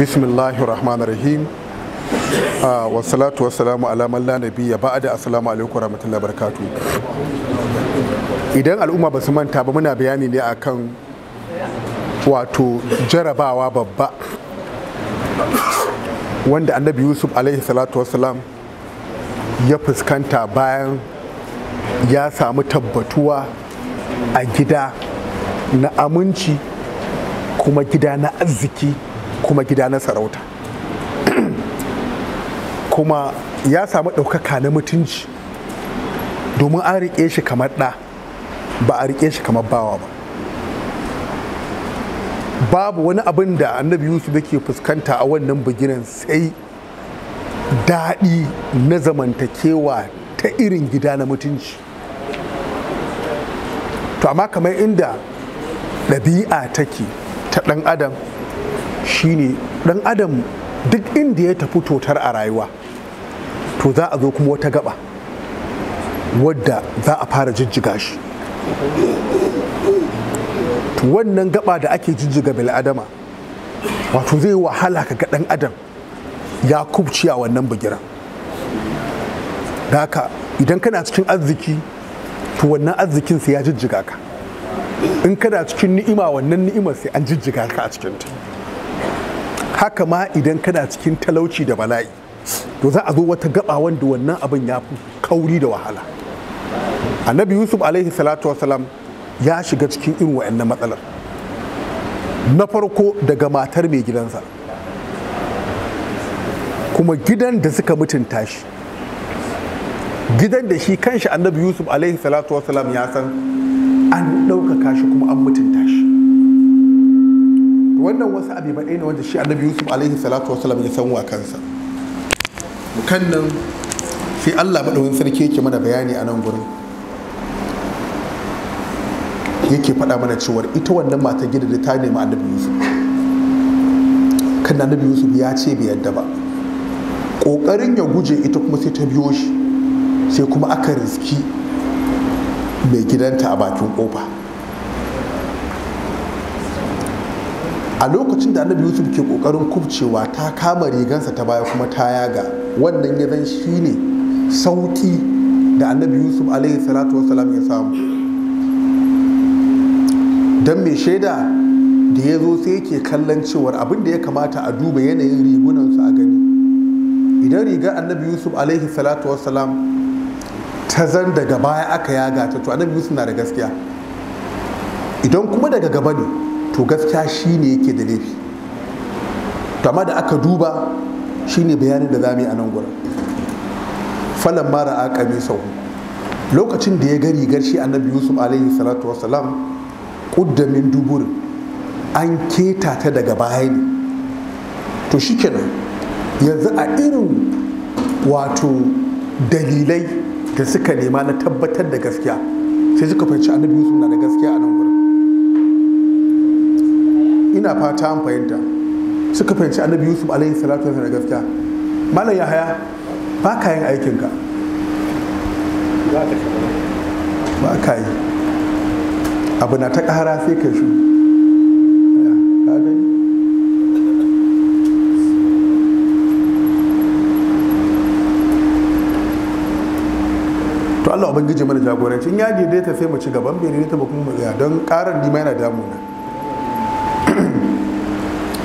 bismillahi rahman rahim ah, wa salatu wa salamu ala man la nabiyya ba'da assalamu alaikum warahmatullahi barakatu idan al'umma ba su manta ba muna bayani ne akan wato jarabawa babba wanda annabi yusuf alaihi salatu wasalam ya fuskanta bayan ya samu tabbatuwa a gida na aminci kuma gida na arziki kuma gida na sarauta kuma ya samu ɗaukaka na mutunci domin an riƙe shi kamar ɗa ba a riƙe shi kamar bawa ba babu wani abin da annabi yusuf ke fuskanta a wannan buginan sai daɗi na zamantakewa ta irin gida na mutunci to amma kamar inda ɗabi'a take ta ɗan adam shine dan adam duk inda ya tafi totar a rayuwa to za a zo kuma wata gaba wadda za a fara jijjiga shi to wannan gaba da ake jijjiga Adama wato zai wahala ka ga dan adam ya kubci a wannan bugira haka idan kana cikin arziki to wannan arzikin sai ya jijjiga ka in kana cikin ni'ima wannan ni'imar sai an jijjiga ka a cikinta haka ma idan kana cikin talauci da bala'i to za a zo wata gaba wanda wannan abin ya fi kauri da wahala annabi yusuf alaihi salatu wasalam ya shiga cikin irin wa'annan matsalar na farko daga matar mai gidansa kuma gidan da suka mutunta shi gidan da shi kanshi annabi yusuf alaihi salatu wasalam ya san an ɗaukaka shi kuma an mutunta wannan wasu abibaɗai ne wanda shi annabi yusuf alaihi salatu wasalam ya san wa kansa kan nan sai allah maɗaurin sarki yake mana bayani a nan gurin yake faɗa mana cewar ita wannan mata gida da ta nemi annabi yusuf kan annabi yusuf ya ce bai yadda ba ƙoƙarin ya guje ita kuma sai ta biyo shi sai kuma aka riski mai gidanta a bakin ƙofa a lokacin da annabi yusuf ke kokarin kubcewa ta kama rigansa ta baya kuma ta yaga wannan ya zan shi ne sauki da annabi yusuf alaihi salatu wasalam ya samu don mai shaida da ya zo sai ke kallon cewar abin da ya kamata a duba yanayin rigunansu a gani idan rigar annabi yusuf alaihi salatu wasalam ta zan daga baya aka yaga ta to annabi yusuf na da gaskiya idan kuma daga gaba ne to gaskiya shi ne yake da laifi to amma da aka duba shi ne bayanin da zamu yi a nan gurin falan mara a ƙami sahu lokacin da ya gari garshi shi annabi yusuf alaihi salatu wasalam ƙuddamin duburin an keta ta daga baya ne to shikenan yanzu a irin wato dalilai da suka nema na tabbatar da gaskiya sai suka fahimci annabi yusuf na da gaskiya a nan gurin ina fata an fahimta suka fahimci annabi yusuf alayhi salatu wasallam gaskiya malam yahaya ba ka yin aikinka ba ka yi abu na ta kahara sai ka shi to Allah ubangiji mana jagoranci in ya ta sai mu ci gaban bai ta ba kuma don karar nima yana damuna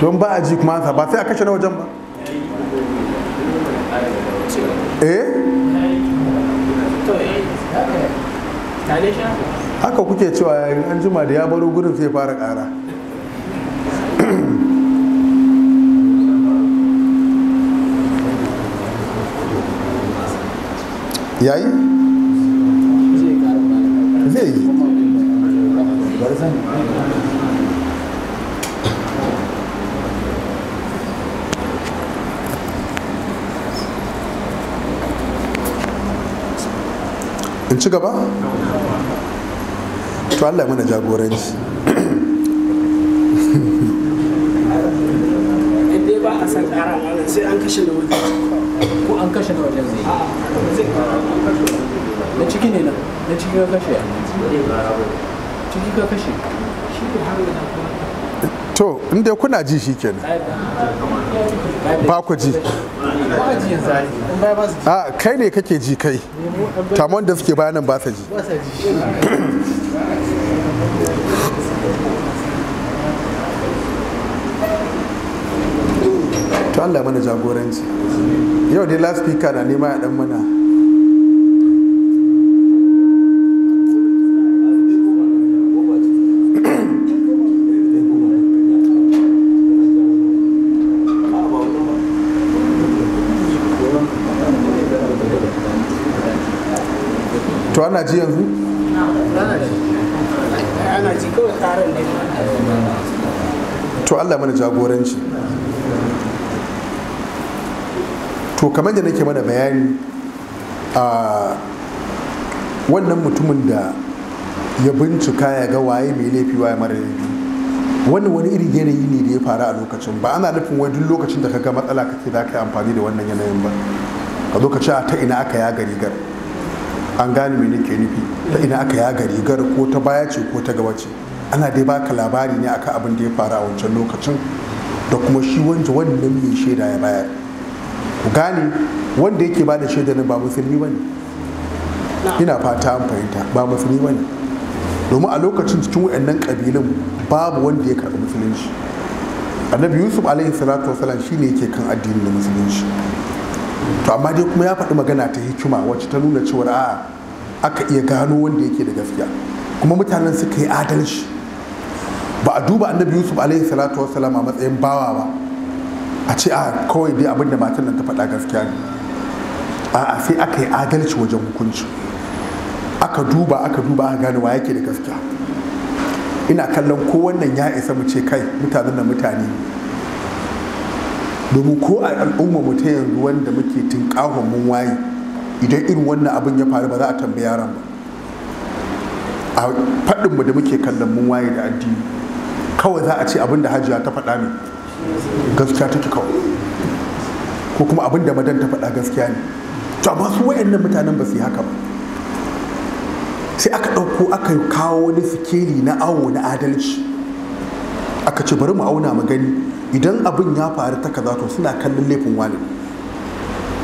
don ba a ji kuma ba sai a kashe na wajen ba eh haka kuke cewa yayin an jima da ya baro gudun sai fara kara yayi zai yi in ci gaba to allah mana jagoranci ba a san ƙara malam sai an kashe da wajen ko an kashe da wajen zai na ciki ne na na ciki ka kashe ciki ka kashe shi ne har da to inda kuna ji shi kenan ba ku ji a kai ne kake ji kai tamon da suke bayanan ba sa ji to Allah mana jagoranci yau dai last speaker na nema ya dan mana to ana ji yanzu Ana ji. kawai to Allah mana jagoranci to kamar da nake mana bayani a wannan mutumin da ya bincika ya ga waye mai laifi waye mara laifi wannan wani iri yanayi ne da ya faru a lokacin ba ana nufin wai duk lokacin da ka ga matsala kake za ka yi amfani da wannan yanayin ba ka zo ka ce ta ina aka yaga rigar an gane me nake nufi ta ina aka yaga rigar ko ta baya ce ko ta gaba ce ana dai baka labari ne akan abin da ya faru a wancan lokacin da kuma shi wanda wanda mai shaida ya bayar ku gane wanda yake ba da shaida ba musulmi bane ina fata an fahimta ba musulmi bane domin a lokacin cikin wayannan kabilun babu wanda ya karɓi musulunci annabi yusuf alaihi salatu wasalam shine yake kan addinin musulunci to amma dai kuma ya faɗi magana ta hikima wacce ta nuna cewar a aka iya gano wanda yake da gaskiya kuma mutanen suka yi adalci ba a duba annabi yusuf alaihi salatu wassalam a matsayin bawa ba a ce a kawai dai abin da matan nan ta faɗa gaskiya ne a sai aka yi adalci wajen hukunci aka duba aka duba aka gano wa yake da gaskiya ina kallon ko wannan ya isa mu ce kai mutanen da mutane domin ko a al'umma mu ta yanzu wanda muke kahon mun waye idan irin wannan abin ya faru ba za a tambaya yaran ba a faɗinmu da muke kallon mun waye da addini kawai za a ce abin da hajiya ta faɗa ne gaskiya take kawai ko kuma abin da madan ta faɗa gaskiya ne to amma su wayannan mutanen ba su yi haka ba sai aka ɗauko aka kawo wani sikeli na awo na adalci aka ce bari mu auna mu gani idan abin ya faru ta kaza to suna kallon laifin wani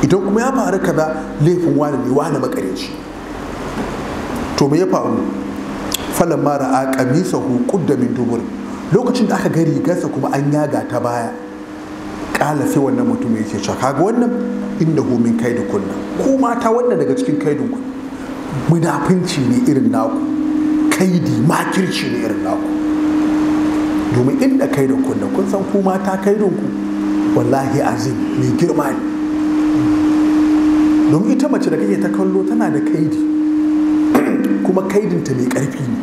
idan kuma ya faru kaza laifin wani ne wani makarici to me ya faru falan mara a kamisa hukun da min dubur lokacin da aka ga rigarsa kuma an yaga ta baya kala sai wannan mutum yake cewa kaga wannan inda homin kai da kunna ku mata wannan daga cikin da kunna munafinci ne irin naku kaidi makirci ne irin naku domin inda kai da kunna kun san ku mata kai ku wallahi azim mai girma ne domin ita mace da kake ta kallo tana da kaidi kuma kaidinta mai karfi ne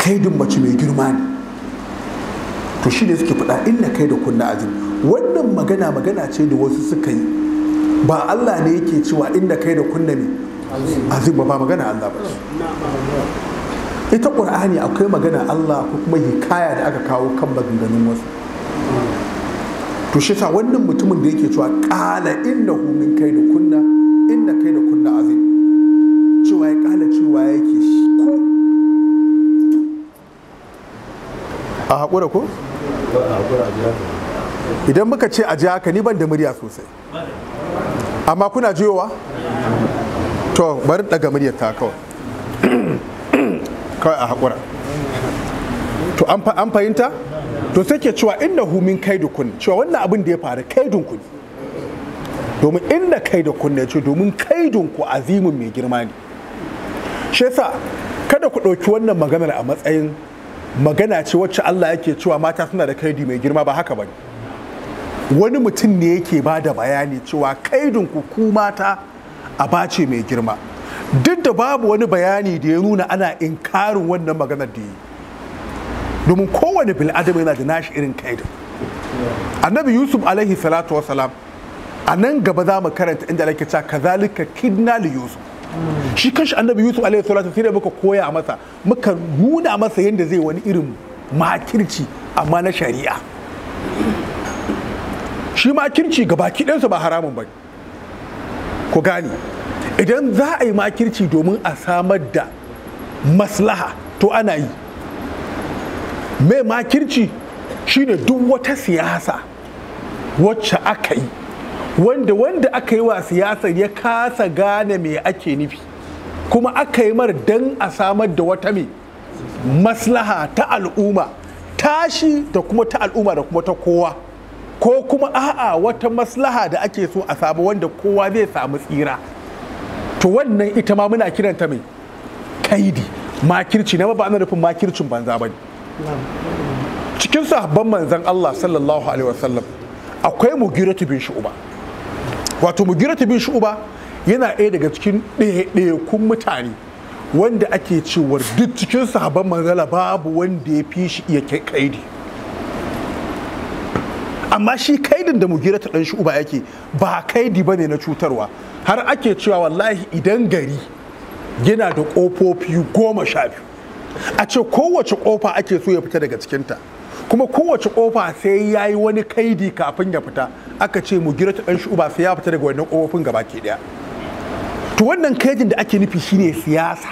kaidin mace mai girma ne to shi ne suke faɗa inda kai da kunna azim wannan magana magana ce da wasu suka yi ba Allah ne yake cewa inda kai da kunna ne azim ba magana Allah ba ita ƙur'ani akwai magana Allah ko kuma hikaya da aka kawo kan maganganun wasu to shi sa wannan mutumin da yake cewa ƙala inna min kai da kunna inna kai da kunna azim cewa ya ƙala cewa yake shi ko a haƙura ko idan muka ce a ji haka ni ban da murya sosai amma kuna jiyowa to bari daga muryar ta kawai kawai a haƙura to an fahimta to sai ke cewa inda humin kai da kunne. cewa wannan abin da ya faru kai da ne domin inda kai da kunne ce domin kai dunku azimin mai girma ne shi yasa kada ku ɗauki wannan maganar a matsayin magana ce wacce Allah yake cewa mata suna da kaidi mai girma ba haka ba ne wani mutum ne yake ba da bayani cewa kaidinku ku mata a bace mai girma duk da babu wani bayani da ya nuna ana inkarin wannan maganar da yi domin kowane bil'adama yana da nashi irin kaida annabi yusuf alaihi salatu wasalam a nan gaba za mu karanta inda ake cewa kazalika kidna li yusuf shi kanshi annabi yusuf alaihi salatu sai da muka koya masa muka nuna masa yadda zai wani irin makirci amma na shari'a shi makirci ga baki ɗansa ba haramun ba ku gane idan za a yi makirci domin a samar da maslaha to ana yi mai makirci shine duk wata siyasa wacce aka yi wanda wanda aka yi wa siyasar ya kasa gane me ake nufi kuma aka yi mar don a samar da wata mai maslaha ta al'umma tashi da kuma ta al'umma da kuma ta kowa ko kuma a'a wata maslaha da ake so a samu wanda kowa zai samu tsira to wannan ita ma muna kiranta mai kaidi makirci na ba ana nufin makircin banza ba cikin sahabban manzan Allah sallallahu alaihi wasallam akwai mugiratu bin shu'uba wato mugiratu bin shu'uba yana ɗaya daga cikin kun mutane wanda ake cewar duk cikin sahabban manzala babu wanda ya fi shi iya kaidi amma shi kaidin da mugira ta dan shuba yake ba kaidi bane na cutarwa har ake cewa wallahi idan gari yana da kofofi goma sha biyu a ce kowace kofa ake so ya fita daga cikinta kuma kowace kofa sai ya yi wani kaidi kafin ya fita aka ce mugira ta dan shuba sai ya fita daga wannan kofofin gaba ke daya to wannan kaidin da ake nufi shine siyasa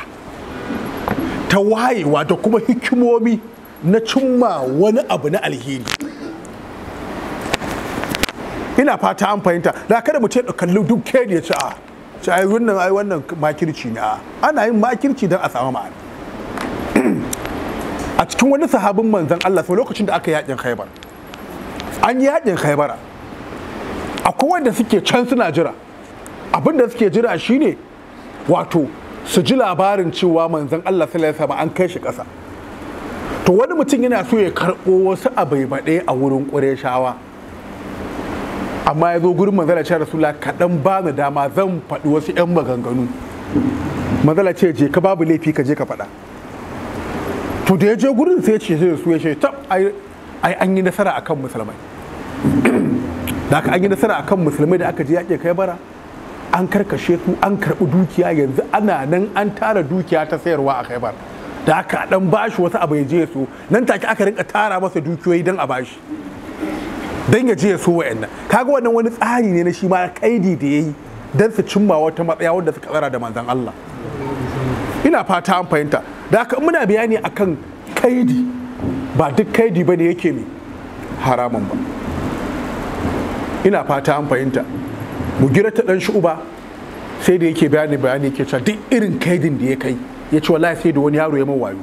ta wayewa da kuma hikimomi na cimma wani abu na alheri ina fata an fahimta da kada mu ce kallo duk ke ya ci a ah, ci ai wannan ai wannan makirci ne a ah. ana yin makirci don a samu ma'ana a cikin wani sahabin manzon Allah sai lokacin da aka yakin Khaibar an yakin Khaibara akwai wanda suke can suna jira abin da suke jira shine wato su ji labarin cewa manzon Allah sallallahu alaihi wasallam an kai shi kasa. to wani mutum yana so ya karɓo wasu bade a wurin Qurayshawa amma ya zo gurin manzala ce rasula kaɗan ba ni dama zan faɗi wasu 'yan maganganu manzala ce je ka babu laifi ka je ka faɗa to da ya je gurin sai ce sai su ya ce tab ai an yi nasara akan musulmai da aka an yi nasara akan musulmai da aka je yaƙe kai bara an karkashe su an karɓi dukiya yanzu ana nan an tara dukiya ta sayarwa a kaibar da aka ɗan bashi wasu abu ya je su nan take aka rinka tara masa dukiyoyi don a bashi don ya je ya so wa'annan kaga wannan wani tsari ne na shi ma kaidi da yayi don su cimma wata matsaya wanda suka tsara da manzon Allah ina fata an fahimta da haka muna bayani akan kaidi ba duk kaidi bane yake ne haramun ba ina fata an fahimta mu gira ta dan shu'uba sai da yake bayani bayani yake cewa duk irin kaidin da ya kai ya ce wallahi sai da wani yaro ya man wayo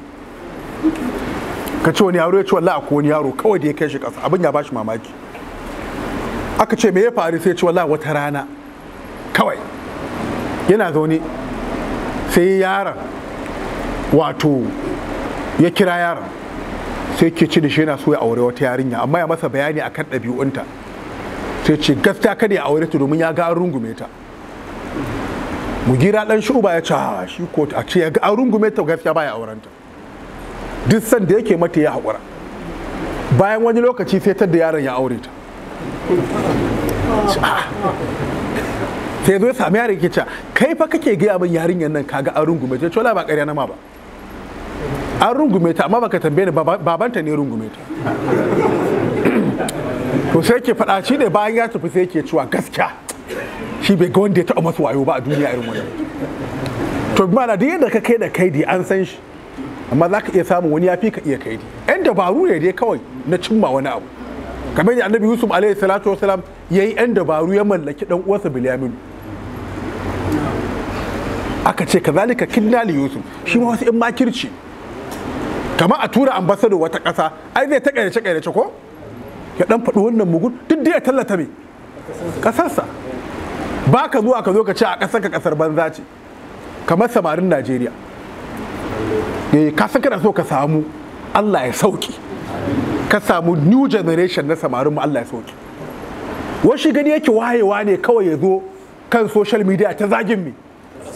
ka ce wani yaro ya ce wallahi akwai wani yaro kawai da ya kai shi kasa abin ya bashi mamaki aka ce me ya faru sai ya wata rana kawai yana zaune sai yaron wato ya kira yaron sai ke ci da shi yana so ya aure wata yarinya amma ya masa bayani akan ɗabi'unta sai ce gaskiya kada ya aure ta domin ya ga rungume ta mugira dan shuba ya ce ah, shi ko a ce ya ga rungume ta gaskiya baya auren ta duk sanda yake mata ya haƙura bayan wani lokaci sai ta da yaron ya aure ta sai zo ya sami yaran ke kai fa kake gaya min yarinyar nan kaga an rungume ta cola ba ƙarya na ma ba an rungume ta amma baka tambaye ni babanta ne rungume ta to sai ke faɗa shi ne bayan ya tafi sai ke cewa gaskiya shi bai ga wanda ya taɓa masa wayo ba a duniya irin wannan to bi mana duk yadda ka kai da kaidi an san shi amma za ka iya samun wani ya fi ka iya kaidi yan dabaru ne dai kawai na cimma wani abu kamar da annabi yusuf alayhi salatu wasalam ya yi yan dabaru ya mallaki dan uwansa bilyamin aka ce kazalika kinna li yusuf shi ma wasu in makirci kamar a tura ambasado wata kasa ai zai ta ƙairace ce ko ya dan faɗi wannan mugun duk da ya tallata me ƙasarsa ba ka zuwa ka zo ka ce a kasar ka ƙasar banza ce kamar samarin najeriya eh, ka san kana so ka samu allah ya sauki ka samu new generation na samarin mu Allah ya sauke washi gani yake wayewa ne kawai ya zo kan social media ta zagin mi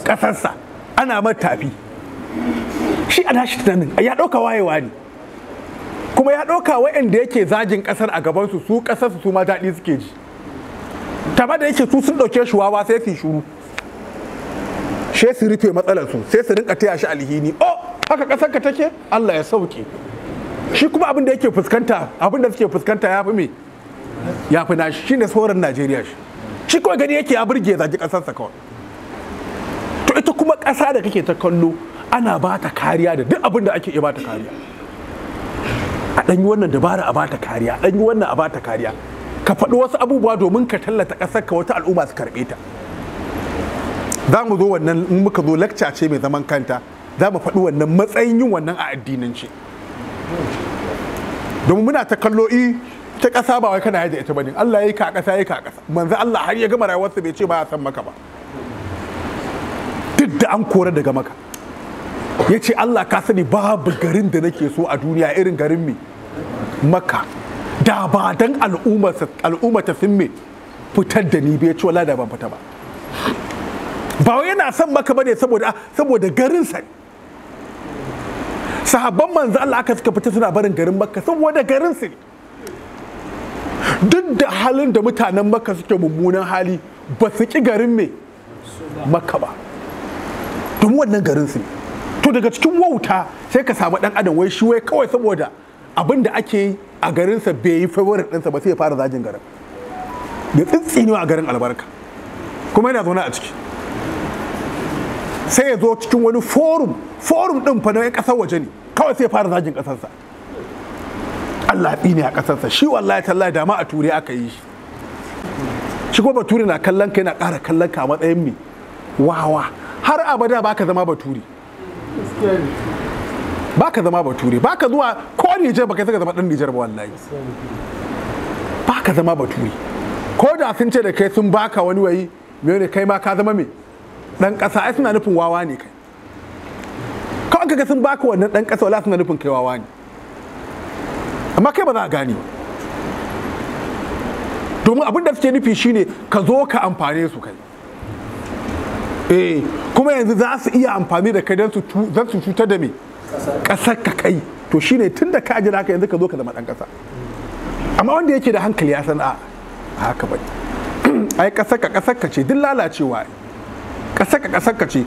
kasarsa ana matafi shi a shi tunanin ya ɗauka wayewa ne kuma ya ɗauka wa'anda yake zagin ƙasar a gabansu su ƙasarsu su ma daɗi suke ji taba da yake su sun ɗauke shi wawa sai su shuru sai su rufe matsalarsu sai su rinka taya shi alhini oh haka ƙasarka ka take Allah ya sauke shi kuma abin da yake fuskanta abin da suke fuskanta ya fi me ya fi na shi ne tsoron najeriya shi shi kuma gani yake ya burge zaki sa kawai to ita kuma ƙasa da kake ta kallo ana ba ta kariya da duk abin da ake iya ba ta kariya a ɗan yi wannan dabara a ba ta kariya a ɗan yi wannan a ba ta kariya ka faɗi wasu abubuwa domin ka tallata ƙasar ka wata al'umma su karɓe ta za mu zo wannan in muka zo lakca ce mai zaman kanta za mu faɗi wannan matsayin yin wannan a addinance. domin muna ta kallo i eh, ta ƙasa ba wai kana yadda ita bane Allah yayi ka ƙasa yayi ka ƙasa manzo Allah har ya gama rayuwarsa bai ce ba ya san maka ba duk da an kore daga maka ya ce Allah ka sani babu garin da nake so a duniya irin garin mi maka da ba dan al'umma ta sun fitar da ni bai ce wala da ban fita ba ba wai yana son maka bane saboda saboda garin sa sahabban manzo Allah aka suka fita suna barin garin makka saboda garin su duk da halin da mutanen makka suke mummunan hali ba su ki garin me makka ba domin wannan garin su to daga cikin wauta sai ka samu dan adam wai shi wai kawai saboda abin da ake yi a garinsa bai yi favorite ɗinsa ba sai ya fara zajin garin ya tsitsinewa a garin albarka kuma yana zaune a ciki sai ya zo cikin wani forum forum din fa na kasar waje ne kawai sai fara zagin kasarsa Allah ne a kasarsa shi wallahi tallahi dama a ture aka yi shi shi kuma bature na kallon ka yana ƙara kallon ka a matsayin mi wawa har abada baka zama bature baka zama bature baka zuwa ko Nijar baka saka zama dan Nijar ba wallahi baka zama baturi ko da sun ce da kai sun baka wani wayi me ne kai ma ka zama me dan kasa ai suna nufin wawa ne kai kawai kaga sun baka wannan dan kasa wala suna nufin kai wawa ne amma kai ba za a gane ba domin abin da suke nufi shine ka zo ka amfane su kai eh kuma yanzu za su iya amfani da kai don su cutar da me ƙasar ka kai to shine tun da ka ajira yanzu ka zo ka zama ɗan ƙasa amma wanda yake da hankali ya san a haka ba ai ƙasar ka ƙasar ka ce duk lalacewa ne kasaka kasaka ce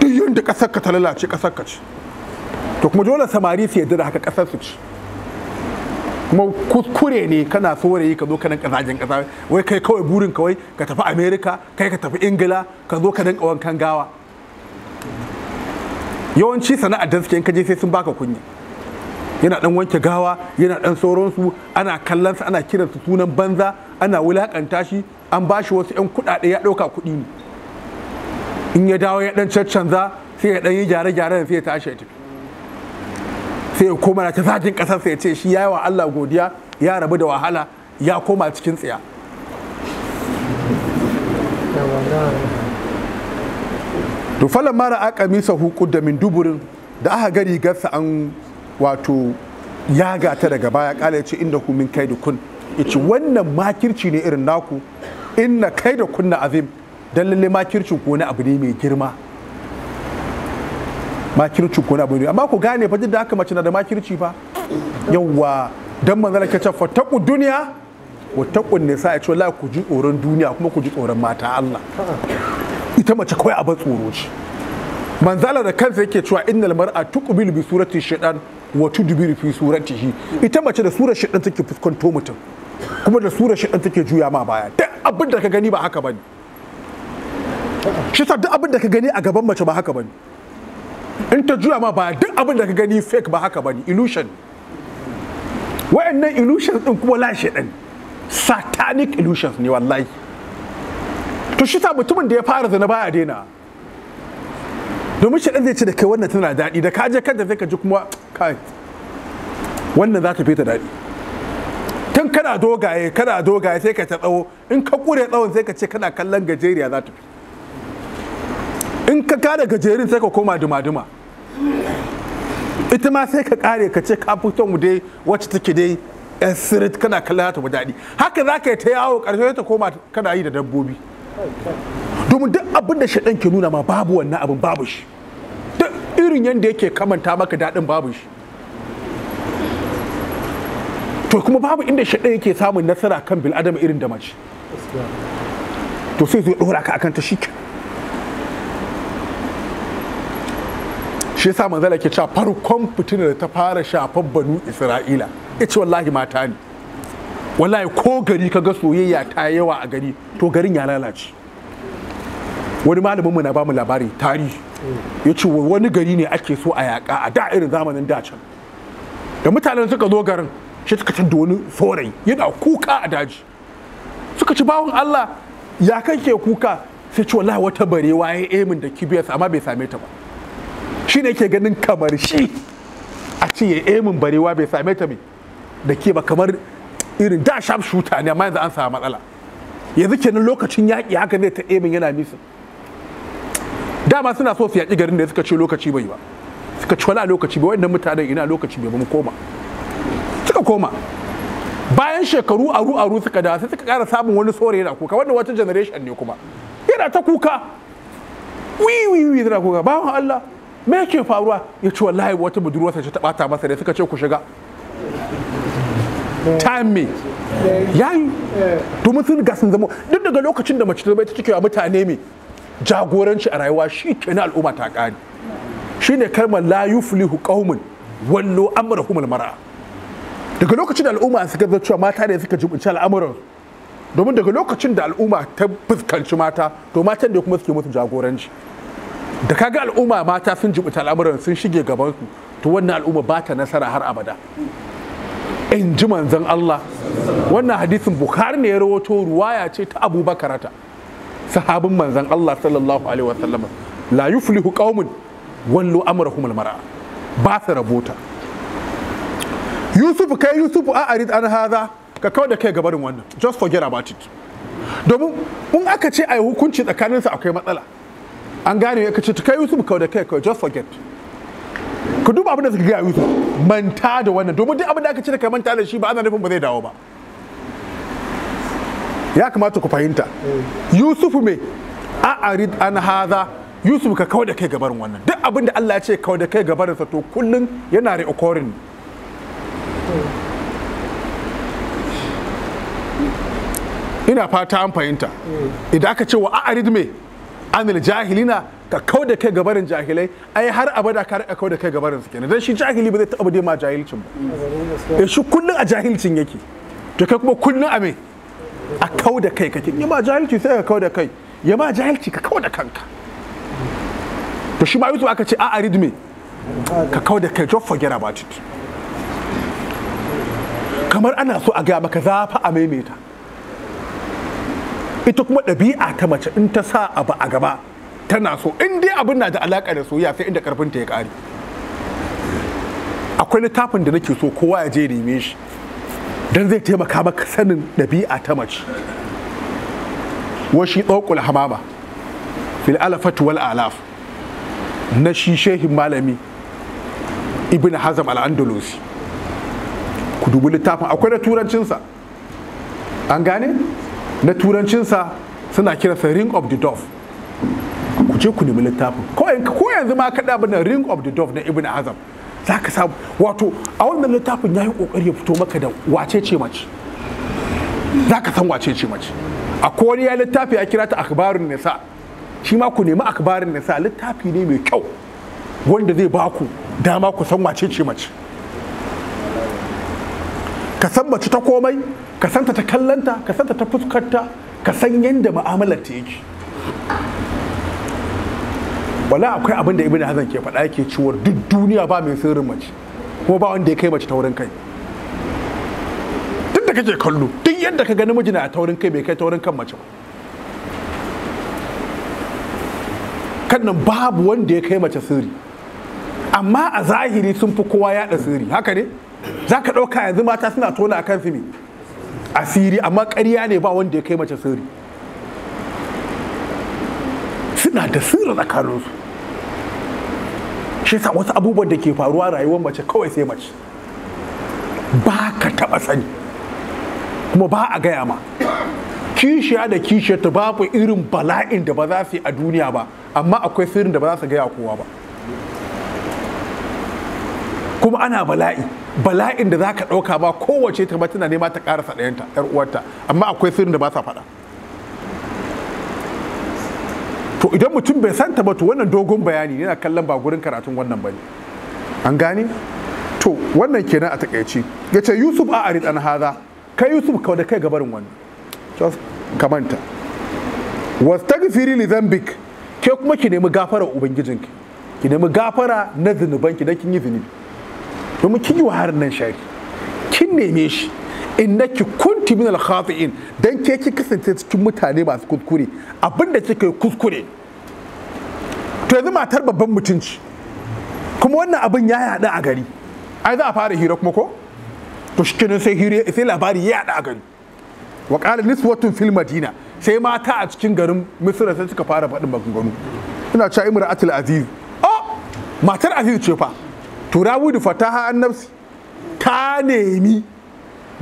duk yadda kasar ka ta lalace kasaka ka ce to kuma dole samari su yadda da haka kasar su ce kuma kuskure ne kana saurayi ka zo kanan kasajen kasa wai kai kawai burin kawai ka tafi Amerika kai ka tafi ingila ka zo kanan kan gawa yawanci sana'ar da suke ka je sai sun baka kunya yana dan wanke gawa yana dan sauransu ana kallon ana kiransu sunan banza ana wulakanta shi an bashi wasu 'yan kuɗaɗe ya ɗauka kuɗi ne in ya dawo ya dan caccanza sai ya dan yi gyare-gyare sai ya tashi ya tafi sai ya koma ta zagin kasar sai ya ce shi yayi wa Allah godiya ya rabu da wahala ya koma cikin tsiya to falan mara aka misa da min duburin da aka ga rigarsa an wato ya gata daga baya kala ya ce inda ku min kai da kun ya wannan makirci ne irin naku inna kai da kunna azim don lalle makircin ko wani abu ne mai girma makircin ko wani abu ne amma ku gane fa duk da haka mace na da makirci fa yawwa dan manzala ka ce fataku duniya wa ne nisa ya ce wallahi ku ji tsoron duniya kuma ku ji tsoron mata Allah ita mace kawai abin tsoro ce manzala da kansa yake cewa innal mar'a tuqbil bi surati shaitan wa tudbir fi suratihi ita mace da surar shaitan take fuskanto mutum kuma da surar shaitan take juya ma baya duk abin da ka gani ba haka bane shi sa duk abin da ka gani a gaban mace ba haka bane in ta juya ma ba duk abin da ka gani fake ba haka bane illusion wa'annan illusions din kuma lashe ɗin satanic illusions ne wallahi to shi sa mutumin da ya fara zina baya daina domin shi zai ce da kai wannan tana daɗi da ka je kanta sai ka ji kuma kai wannan za ta fi ta daɗi tun kana dogaye kana dogaye sai ka ta tsawo in ka kure tsawon sai ka ce kana kallon gajeriya za ta fi in ka kada gajerin sai ka koma duma-duma ita ma sai ka kare ka ce ka fito mu dai wacce take dai yan sirit kana kallon ta daɗi haka za ka yi ta yawo ƙarshe ta koma kana yi da dabbobi domin duk abin da shaɗan ke nuna ma babu wannan abin babu shi duk irin yadda yake kamanta maka daɗin babu shi to kuma babu inda shaɗan yake samun nasara kan bil'adama irin da mace to sai zai ɗora ka akan ta shi shi yasa manzala ke cewa farkon fitinar ta fara shafar banu isra'ila ya ce wallahi mata ne wallahi ko gari ka ga soyayya ta yawa a gari to garin ya lalace wani malamin mu na bamu labari tarihi ya ce wani gari ne ake so a yaka a da irin zamanin dacan da mutanen suka zo garin shi suka ci da wani yana kuka a daji suka ci bawon Allah ya kake kuka sai ce wallahi wata barewa ya emin da kibiyarsa amma bai same ta ba shi ne ke ganin kamar shi a ce ya emin barewa bai same ta mai da ke ba kamar irin da sharp shooter ne amma yanzu an samu matsala yanzu kenan lokacin yaƙi haka ne ta emin yana nisa dama suna so su yaƙi garin da suka ce lokaci bai ba suka ci wala lokaci bai wannan mutanen ina lokaci bai mu koma suka koma bayan shekaru aru aru suka dawa sai suka ƙara samun wani saurayi yana kuka wannan wata generation ne kuma yana ta kuka wiwi yana kuka bawan Allah me yake faruwa ya ce wallahi wata budurwarsa ce ta bata masa da suka ce ku shiga time me ya yi domin sun gasin zama duk daga lokacin da mace ta bai ta cikewa mutane me jagoranci a rayuwa shi ke na al'umma ta kare shi ne kalmar la yuflihu qaumun wallo amrahum mara daga lokacin da al'umma suka ga cewa mata ne suka jibinci al'amuran domin daga lokacin da al'umma ta fuskanci mata to matan da kuma suke musu jagoranci da kaga al'umma mata sun jibuta al'amuran sun shige gaban su to wannan al'umma ba ta nasara har abada in ji manzon Allah wannan hadisin bukhari ne ya rawoto ruwaya ce ta abu abubakarata sahabin manzon Allah sallallahu alaihi wa sallam. la yuflihu qaumun wallu amrahum almar'a ba su rabota Yusuf kai Yusuf a arid an haza ka kawo da kai gabarin wannan just forget about it domin in aka ce a yi hukunci tsakaninsa akwai matsala an gane ka ce kai Yusuf kawai da kai kawai just forget Ku duba abin da suka gaya Yusuf manta da wannan domin duk abin da aka ce da kai manta da shi ba ana nufin ba zai dawo ba ya kamata ku fahimta Yusuf me arid an haza Yusuf ka kawai da kai gabarin wannan duk abin da Allah ya ce kawai da kai gabarin sa to kullun yana reoccurring ina fata an fahimta idan aka ce wa arid me amil jahilina ka kau da kai gabarin jahilai ai har abada ka rika kau da kai gabarin su kenan dan shi jahili ba zai taba bude ma jahilcin ba eh shi kullun a jahilcin yake to kai kuma kullun a me a kau da kai kake Ni ma jahilci sai ka kau da kai ya ma jahilci ka kau da kanka to shi ba yutu aka ce a arid me ka kau da kai don forget about it kamar ana so a ga maka zafa a maimaita ita kuma ɗabi'a ta mace in ta sa abu a gaba tana so in dai abin na da alaƙa da soyayya sai inda ta ya ƙare akwai littafin da nake so kowa ya je neme shi don zai taimaka maka sanin ɗabi'a ta mace washi ɗaukul hamama fil alafat wal alaf na shi shehin malami ibn hazam al-andalusi ku dubi littafin akwai da turancinsa an gane na turancinsa suna kiransa ring of the dove ku je ku nemi littafin ko yanzu ma kaɗa bana ring of the dove na ibn azam za ka wato a wannan littafin ya yi ƙoƙari ya fito maka da wace ce mace za ka san wace ce mace a wani ya littafi ya kira ta akbarin nisa shi ma ku nemi akbarin nisa littafi ne mai kyau wanda zai ba ku dama ku san wace ce mace ka san mace ta komai ka santa ta kallanta ka santa ta fuskarta ka san yadda mu'amalar ta yake wala akwai abin da ibn hazan ke faɗa yake cewa duk duniya ba mai sirrin mace kuma ba wanda ya kai mace taurin kai duk da kake kallo duk yadda ka gani namiji na taurin kai bai kai taurin kan mace ba kan nan babu wanda ya kai mace sirri amma a zahiri sun fi kowa yaɗa sirri haka ne za ka ɗauka yanzu mata suna tona a kan fimi asiri amma ƙarya ne ba wanda ya kai mace sirri suna da sirri tsakaninsu shi sa wasu abubuwan da ke faruwa rayuwar mace kawai sai mace ba ka taɓa sani kuma ba a gaya ma kishiya da kishiya ta babu irin bala'in da ba za su yi a duniya ba amma akwai sirrin da ba za su gaya kowa ba kuma ana bala'i bala'in da za ka ɗauka ba kowace ta tana nema ta ƙarasa ɗayanta ‘yar uwarta amma akwai sirrin da ba sa faɗa to idan mutum bai santa ba to wannan dogon bayani yana kallon ba gurin karatun wannan ba ne an gane to wannan kenan a takaici ya ce yusuf a arid an haza kai yusuf kawai da kai gabarin wannan kamanta wastagfiri li zambik ke kuma ki nemi gafara ubangijinki ki nemi gafara na zunubanki don kin yi zunubi domin kin yi wa nan shari kin neme shi ki kunti min al khati'in dan ke ki kasance cikin mutane masu kuskure abinda kika yi kuskure to yanzu matar babban mutunci kuma wannan abin ya yaɗu a gari ai za a fara hira kuma ko to shi sai hira sai labari ya yaɗu a gari wa qala niswatun fil madina sai mata a cikin garin misra sai suka fara faɗin maganganu ina cewa imra'atul aziz oh matar aziz ce fa Turawudu fataha an nafsi ta nemi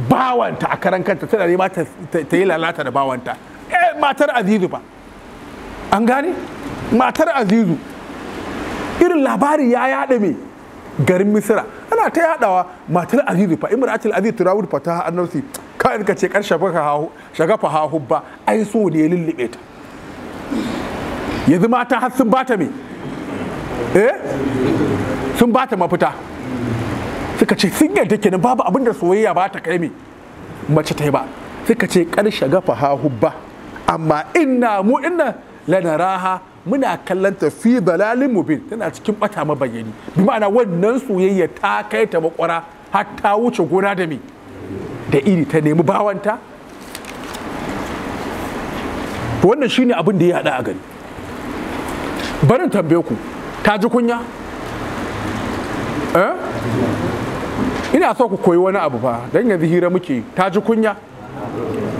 bawanta a karan kanta tana nema ta yi lalata da bawanta eh matar azizu ba an gane matar azizu irin labari ya yaɗa me garin misira ana ta yaɗawa matar azizu fa imratul aziz turawud fataha an nafsi kai ka ce kar shafaka hahu shagafa hahu ba ai so ne lullube ta yanzu mata har sun bata me eh sun ba ta mafita suka ce sun yarda nan babu abin da soyayya ba ta kai me mace ta yi ba suka ce karshe gafa ha hubba amma inna mu inna lanaraha muna kallon ta fi dalalin mubin tana cikin bata bayyani. bi ma'ana wannan soyayya ta kai ta makwara har ta wuce gona da me da iri ta nemi bawanta wannan shine abin da ya hada a gani barin tambaye ku ta ji kunya eh ina so ku koyi wani abu ba, don yanzu hira muke ta ji kunya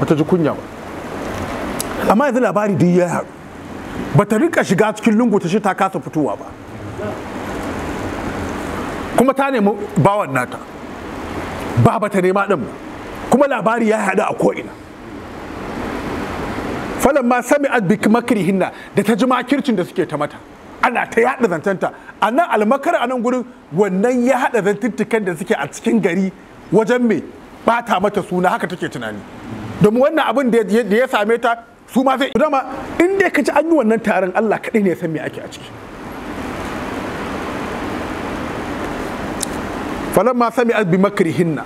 ba ta ji kunya ba amma yanzu labari duk ya haru ba ta rika shiga cikin lungu ta shi ta kasa fitowa ba kuma ta nemi bawan nata ba ba ta nema ɗin kuma labari ya haɗu a ko'ina falon ma sami bi makrihinna da ta ji makircin da suke ta mata ana ta yaɗa zantanta a nan almakar a nan gurin wannan ya haɗa zantuttukan da suke a cikin gari wajen mai bata mata suna haka take tunani domin wannan abin da ya same ta su ma zai dama in dai ka ci an yi wannan taron Allah kaɗai ne ya san me ake a ciki Falon falamma sami'at bi makrihinna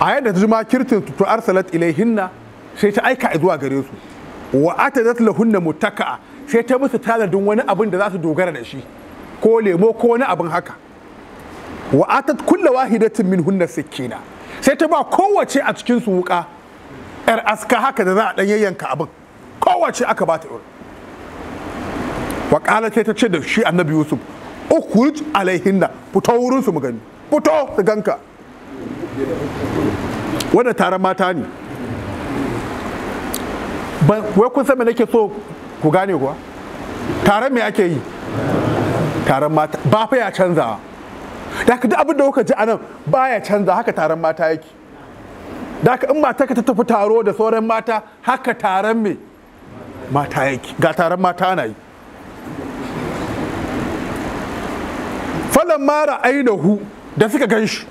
a yadda ta ji kirtin tutu arsalat hinna, sai ta aika zuwa gare su wa atadat lahunna mutaka'a sai ta musu tanadin wani abin da za su dogara da shi ko lemo ko wani abin haka wa atat kulla wahidatin min hunna sikina sai ta ba kowace a cikin su wuka yar aska haka da za a dan yayyanka abin kowace aka ba ta ɗora wa kala ta ce da shi annabi yusuf ukhruj alaihinna fito wurin su mu gani fito su ganka wanda taron mata ne wai kun san me nake so ku gane kuwa taron me ake yi taron mata ba fa ya canza da ka duk abin da kuka ji anan ba ya canza haka taron mata yake da ka in mata ka tafi taro da sauran mata haka taron me mata yake ga taron mata na yi Falon mara ainihu da suka gan shi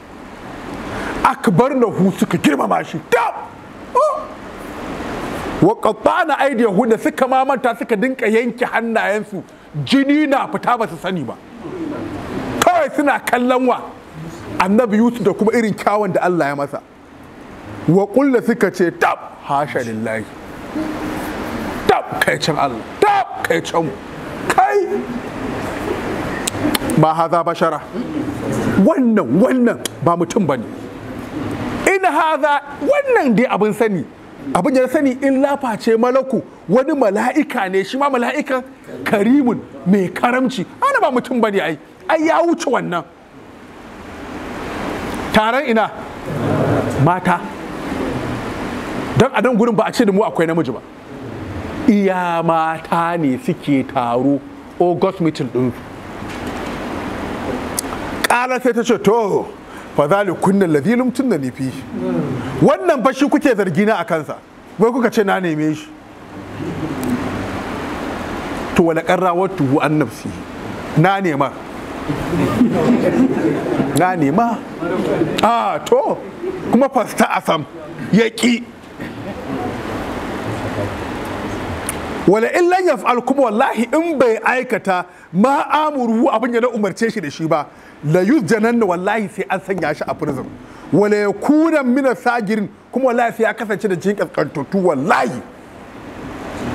akbar na hu suka girmama shi dab wa qattana aydiyahu da suka mamanta suka dinka yanke hannayensu jini na fita ba su sani ba kawai suna kallon wa annabi yusuf da kuma irin kyawun da Allah ya masa wa kulla suka ce tab hasha lillahi tab kai can Allah tab kai can kai ba haza bashara wannan wannan ba mutum bane Ina haza wannan dai abin sani abin da sani in laface malaku wani mala'ika ne shi ma mala'ikan karimun mai karamci ana ba mutum bane ai ai ya wuce wannan taron ina mata don a nan gurin ba a ce da mu akwai namiji ba iya mata ne suke taro august meeting ɗin ƙarar sai ta ce to fa zalikunna alladhi lumtunani fi wannan fashi kuke zargina a kansa? wai kuka ce na neme shi to wala an nafsi na nema na nema a to kuma fasta asam ya ƙi wala in yaf'al kuma wallahi in bai aikata ma amuru abin ya na umarce shi da shi ba la yuzjanan wallahi sai an sanya shi a prison wala yakuna min sagirin kuma wallahi sai ya kasance da cikin kaskantattu wallahi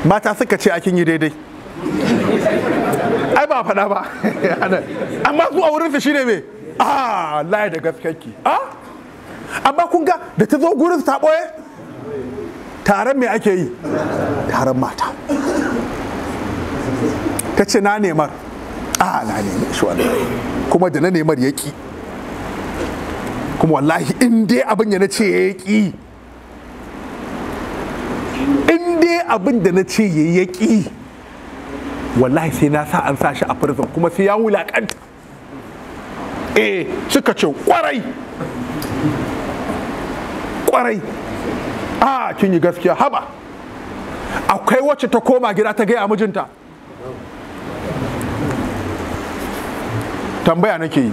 mata suka ce akin yi daidai ai ba faɗa ba amma su a wurin shi shine me ah laye da gaskiyarki ah amma kun ga da ta zo gurin ta ɓoye taron me ake yi taron mata ta ce na nemar a na neme shi wallahi kuma da na nemar ya ƙi kuma wallahi in dai abin ya na ce ya ƙi in dai abin da na ce ya ya wallahi sai na sa an sa shi a prison kuma sai ya wulaƙanta eh suka ce kwarai kwarai a kin yi gaskiya haba akwai wacce ta koma gida ta gaya mijinta tambaya nake yi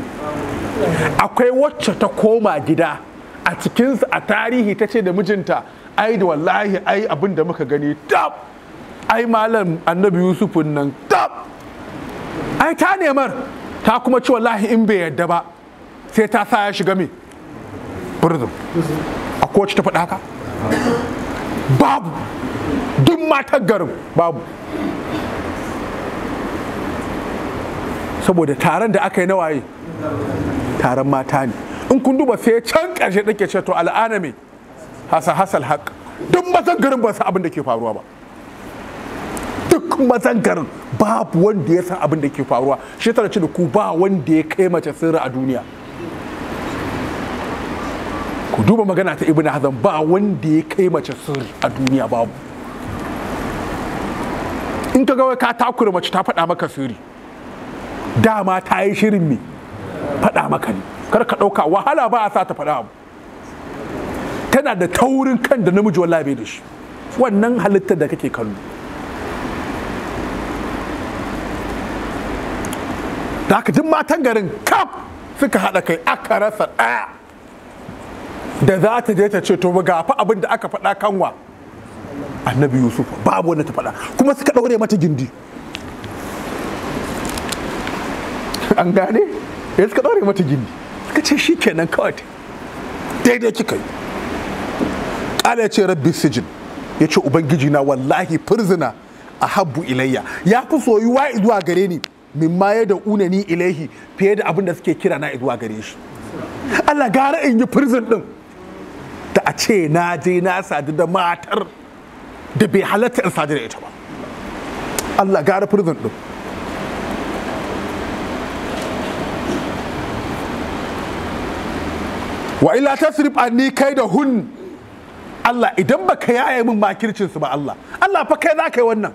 akwai wacce ta koma gida a cikinsa a tarihi ta ce da mijinta ai da wallahi ai abin da muka gani tab ai malam annabi yusufun nan tab ai ta nemar ta kuma ci wallahi in bai yadda ba sai ta sa ya shiga me prison a kowace ta faɗa ka babu duk matar garin babu saboda taron da aka yi na waye taron mata ne in kun duba sai can ƙarshe ɗake ce to al'ana me hasa hasal haƙ duk mazangarin garin ba san abin da ke faruwa ba duk mazangarin garin babu wanda ya san abin da ke faruwa shi tana ce da ku ba wanda ya kai mace sirri a duniya ku duba magana ta ibn hazan ba wanda ya kai mace sirri a duniya babu in ka ga ka takura mace ta faɗa maka sirri dama ta yi shirin me faɗa maka ne kar ka ɗauka wahala ba a sa ta faɗa abu tana da taurin kan da namiji wallahi bai da shi wannan halittar da kake kallo da aka jin matan garin kaf suka haɗa kai aka rasa ɗaya da za ta je ta ce to ga fa abin da aka faɗa kanwa annabi yusuf babu wani ta faɗa kuma suka ɗaure mata gindi an gane ya suka ɗaure mata gini? suka ce shi kenan kawai daidai kika yi ƙala ya ce rabbi sijin ya ce ubangiji na wallahi firzina a habbu ilayya ya fi soyuwa izuwa gare ni min ma ya da unani ilaihi fiye da abin da suke kira na izuwa gare shi Allah gara in yi firzin din da a ce na je na sadu da matar da bai halatta in sadu da ita ba Allah gara firzin din wa ila tasrif anni kai da hun Allah idan baka yaye min makircin su ba Allah Allah fa kai za ka yi wannan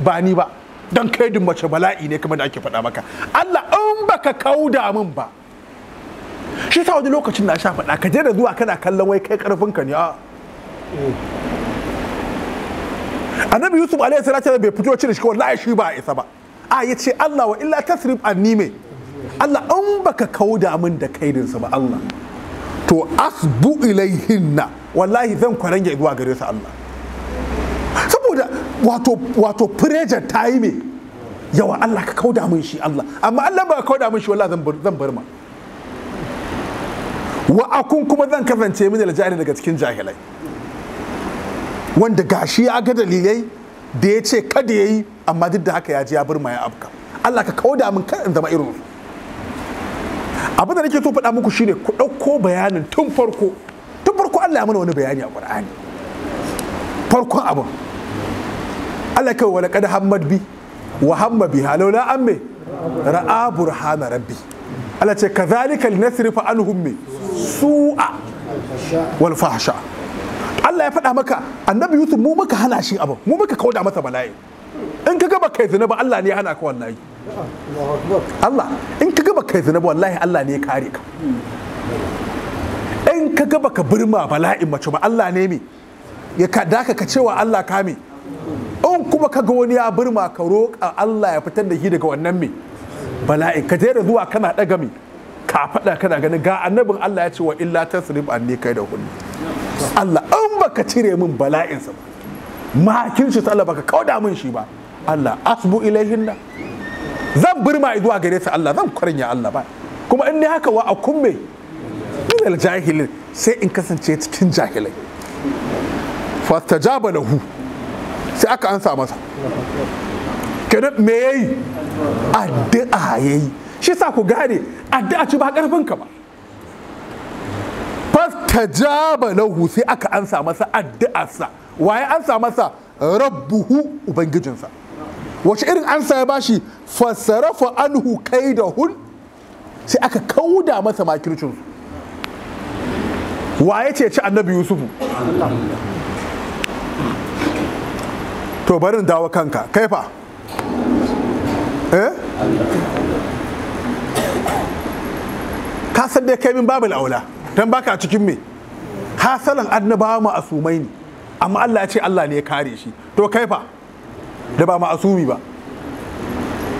ba ni ba dan kai din mace bala'i ne kamar da ake faɗa maka Allah in baka kauda min ba shi ta wani lokacin na sha faɗa ka je da zuwa kana kallon wai kai karfin ka ne a ah. annabi yusuf alayhi salatu bai fito cire shi wallahi shi ba isa ba a ah, yace Allah wa illa tasrif anni me Allah in baka kauda min da kaidinsa ba Allah to asbu ilaihinna wallahi zan kwarange zuwa gare su Allah saboda wato wato pressure ta yi me yawa Allah ka kauda min shi Allah amma Allah ba kauda min shi wallahi zan bar zan bar ma wa akun kuma zan kasance mini aljahili daga cikin jahilai wanda gashi ya ga dalilai da ya ce kada ya yi amma duk da haka ya ji ya bar ma ya afka Allah ka kauda min kar in zama irin su abin da nake so faɗa muku shine ku ɗauko bayanin tun farko tun farko Allah ya mana wani bayani a Qur'ani farkon abin Allah kai wala kad hammad bi wa hamma bi halawla amme ra'a burhana rabbi Allah ce kazalika linasrifa anhum min su'a wal fahsha Allah ya faɗa maka annabi Yusuf mu muka hana shi abin mu muka kauda masa bala'i in ka ga baka yi zina ba Allah ne ya hana ka wallahi Allah in ka gaba kai zina wallahi Allah ne ya kare ka in ka gaba ka birma bala'in mace ba Allah ne me ya ka daka ka cewa Allah ka me in kuma ka ga wani ya birma ka roƙa Allah ya fitar da shi daga wannan me bala'in ka jera zuwa kana daga me ka faɗa kana ganin ga annabin Allah ya ce wa illa tasrib ne kai da kullu Allah in baka cire min bala'insa ba makin shi Allah baka kauda min shi ba Allah asbu ilaihinna zan birma zuwa gare su Allah zan ya Allah ba kuma in ni haka wa a kumme minal jahilin sai in kasance cikin jahilai fastajaba lahu sai aka ansa masa kenan me yayi addu'a yayi shi sa ku gane addu'a ci ba karfin ka ba fastajaba lahu sai aka ansa masa addu'arsa waye ansa masa rabbuhu ubangijinsa wace irin ansa ya bashi fassarafa anhu kai da hun sai aka kauda masa makircinsu ya ce ci annabi yusufu to barin dawo kanka kai fa eh ka san da kai min babu aula dan baka a cikin me hasalan annabawa ma asumai ne amma Allah ya ce Allah ne ya kare shi to kai fa da ba ma'asumi ba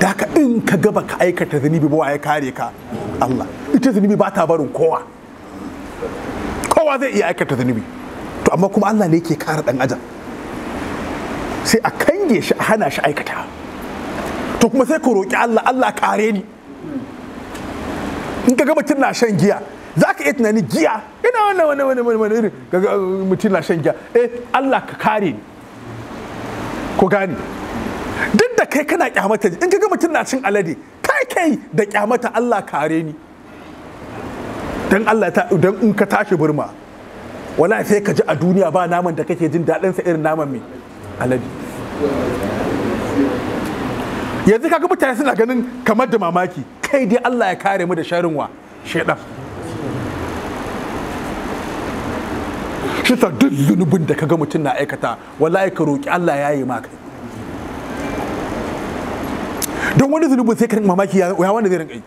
da haka in ka gaba ka aikata zunubi ba ya kare ka Allah ita zunubi ba ta barin kowa kowa zai iya aikata zunubi to amma kuma Allah ne yake kare dan adam sai a kange shi a hana shi aikata to kuma sai ka roƙi Allah Allah kare ni in ka gaba mutum na shan giya za ka iya tunani giya ina wannan wannan wannan wannan uh, mutum na shan giya eh Allah ka kare ni ku gane duk da kai kana kyamata in ka ga mutum na cin alade kai kai da kyamata Allah kare ni dan Allah ta dan in ka tashi burma wala sai ka ji a duniya ba naman da kake jin daɗin sa irin naman mai alade yanzu kaga mutane suna ganin kamar da mamaki kai dai Allah ya kare mu da sharin wa shedan shi duk zunubin da kaga mutum na aikata wallahi ka roki Allah ya yi maka don wani zunubin sai ka rinka mamaki ya wanda zai rinka yi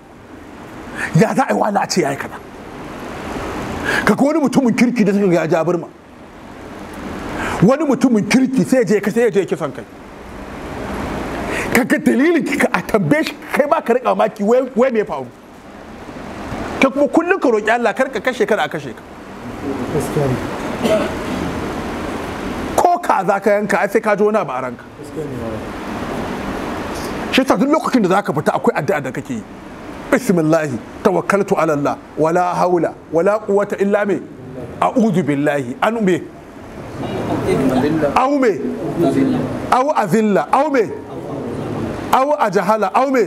ya za a yi wala a ce ya yi kaza ka ga wani mutumin kirki da suka ya ja burma wani mutumin kirki sai je ka sai je kisan kai ka ga dalilin ka a tambaye shi kai ba ka rika mamaki wai me faru ka kuma kullum ka roki Allah kar ka kashe kar a kashe ka ko ka za ka yanka sai ka ji wani abu a ranka shi ta duk lokacin da za ka fita akwai addu'a da kake yi bismillahi tawakkaltu ala Allah wala haula wala quwwata illa me a'udhu billahi an me au me au azilla au me au ajhala au me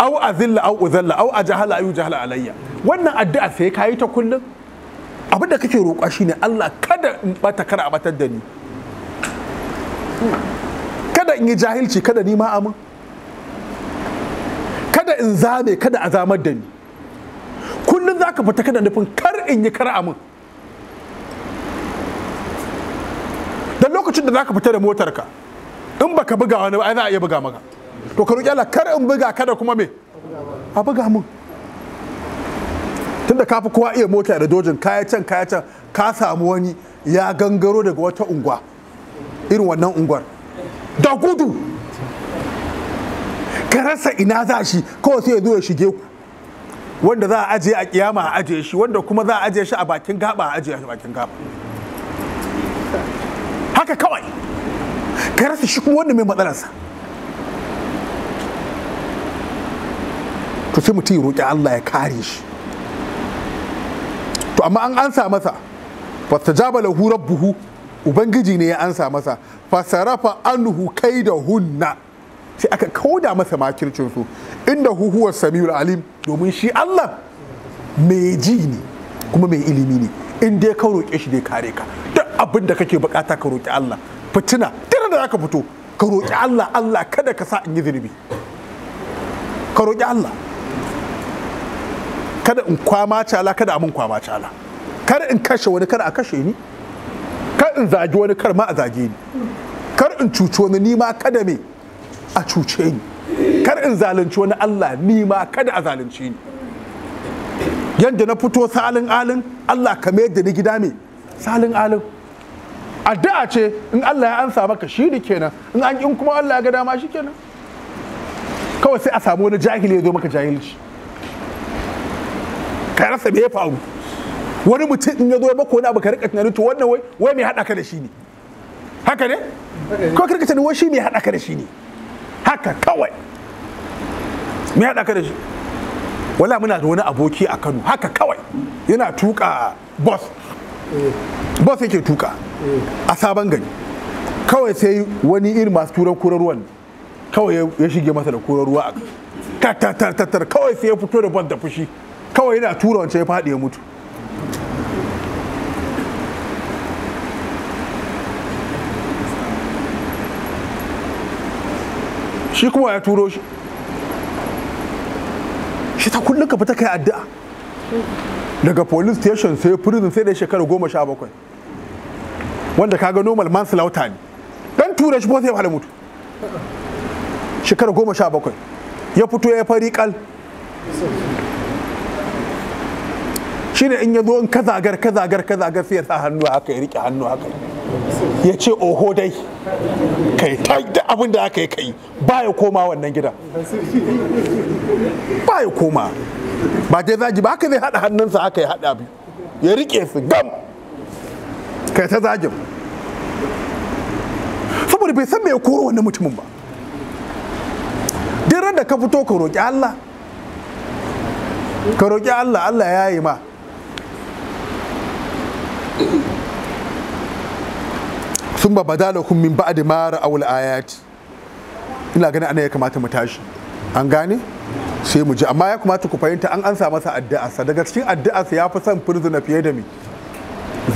au azilla au uzalla au ajhala ayu jahala alayya wannan addu'a sai kayi ta kullum abin da kake roƙa shine Allah kada in bata kar a batar da ni kada in yi jahilci kada ni ma amin kada in zame kada a zamar da ni kullum za ka fita kada nufin kar in yi kar amin don lokacin da za ka fita da motarka in baka buga wani ba ai za a iya buga maka to ka roƙi Allah kar in buga kada kuma me a buga mun tunda kafi kowa iya mota da dojin kaya can kaya can ka samu wani ya gangaro daga wata unguwa irin wannan unguwar da gudu ka rasa ina za shi kawai sai ya zo ya shige ku wanda za a ajiye a kiyama a ajiye shi wanda kuma za a ajiye shi a bakin gaba a ajiye shi a bakin gaba haka kawai ka rasa shi kuma wanda mai matsalarsa to sai mutum ya roƙi Allah ya kare shi amma an ansa masa fastajaba lahu rabbuhu ubangiji ne ya ansa masa fasarafa anhu da hunna sai aka kauda masa makircin su inda huhuwar samiul alim domin shi Allah mai ji ne kuma mai ilimi ne in dai ka roƙe shi dai kare ka duk abin da kake bukata ka roƙi Allah fitina tare da zaka fito ka roƙi Allah Allah kada ka sa in yi zunubi ka roƙi Allah kada in kwama cala kada amin kwama kwama cala kar in kashe wani kada a kashe ni kar in zagi wani kar ma a zage ni kar in cuci wani ni ma kada me a cuce ni kar in zalunci wani Allah ni ma kada a zalunce ni yadda na fito salin alin Allah ka mayar da ni gida me salin alin addu'a ce in Allah ya ansa maka shi ne kenan in an in kuma Allah ya ga dama shi kenan kawai sai a samu wani jahili ya zo maka jahilci karasa rasa me ya faru wani mutum in ya zo ya baka wani abu ka rika tunanin to wannan wai wai me hada ka da shi ne haka ne ko ka rika tunanin wai shi me hada ka da shi ne haka kawai me hada ka da shi wala muna da wani aboki a Kano haka kawai yana tuka bus bus yake tuka a sabon gari kawai sai wani irin masu turan kurar ruwan kawai ya shige masa da kurar ruwa a tattar kawai sai ya fito da bus da fushi kawai yana tura wancan ya faɗi ya mutu shi kuma ya turo shi shi ta kullum ka fita kai addu'a daga police station sai prison sai da shekara goma sha bakwai wanda kaga normal manslaughter ne dan tura shi ko sai ya mutu shekara goma sha bakwai ya fito ya fari kal shine ne in ya zo in ka zagar ka zagar ka zagar sai ya sa hannu haka ya rike hannu haka ya ce oho dai kai ta da abin da aka yi kai ba ya koma wannan gida ba ya koma ba dai zaji ba haka zai haɗa hannunsa haka ya haɗa bi ya rike su gam kai ta zagin saboda bai san me ya koro wannan mutumin ba duk da ka fito ka roƙi Allah ka roƙi Allah Allah ya yi ma sun ba ba badalakum min ba mara dimara ra'awul ayati. ina ganin ana ya kamata mu tashi an gane sai mu ji amma ya kamata ku fahimta an ansa masa addu'arsa daga cikin addu'arsa ya fi son firzina fiye da mi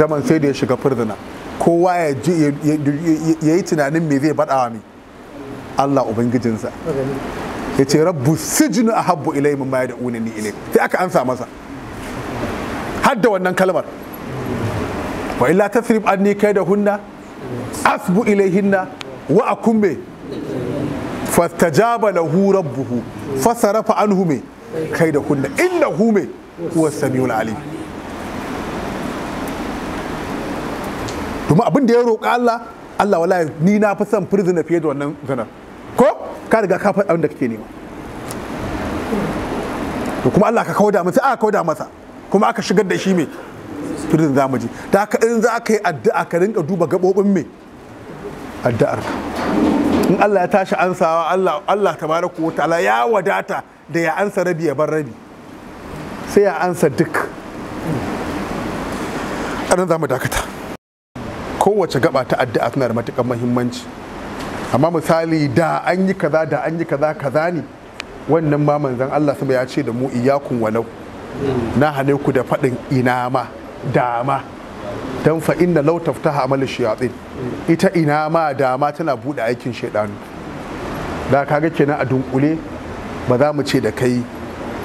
zaman sai da ya shiga firzina kowa ya yi tunanin me zai baɗawa mi Allah ubangijinsa ya ce rabbu sijinu a habbu ilai mun maya da unani ilai sai aka ansa masa har da wannan kalmar wa illa tasrif anni kai da hunna asbu ilayhinna wa akumbe fastajaba lahu rabbuhu fasarafa anhu me kai da kunna innahu me huwa samiul alim domin abin da ya roƙa Allah Allah wallahi ni na fi son prisoner fiye da wannan zana, ko ka riga ka faɗa da kake nema to kuma Allah ka da masa a da masa kuma aka shigar da shi me firin za mu da haka in za ka yi addu'a ka rinka duba gaɓoɓin me addu'ar in Allah ya tashi ansawa Allah Allah tabaraka wa ta'ala ya wadata da ya ansa rabi ya bar rabi sai ya ansa duk anan za dakata kowace gaba ta addu'a tana da matukar muhimmanci amma misali da an yi kaza da an yi kaza kaza ne wannan ma manzon Allah sama ya ce da mu iyakun walau na hane ku da faɗin ina ma dama don fa da law taftaha hamali shayatin ita ina ma dama tana buɗe aikin shaidanu da ga kenan a dunkule ba za mu ce da kai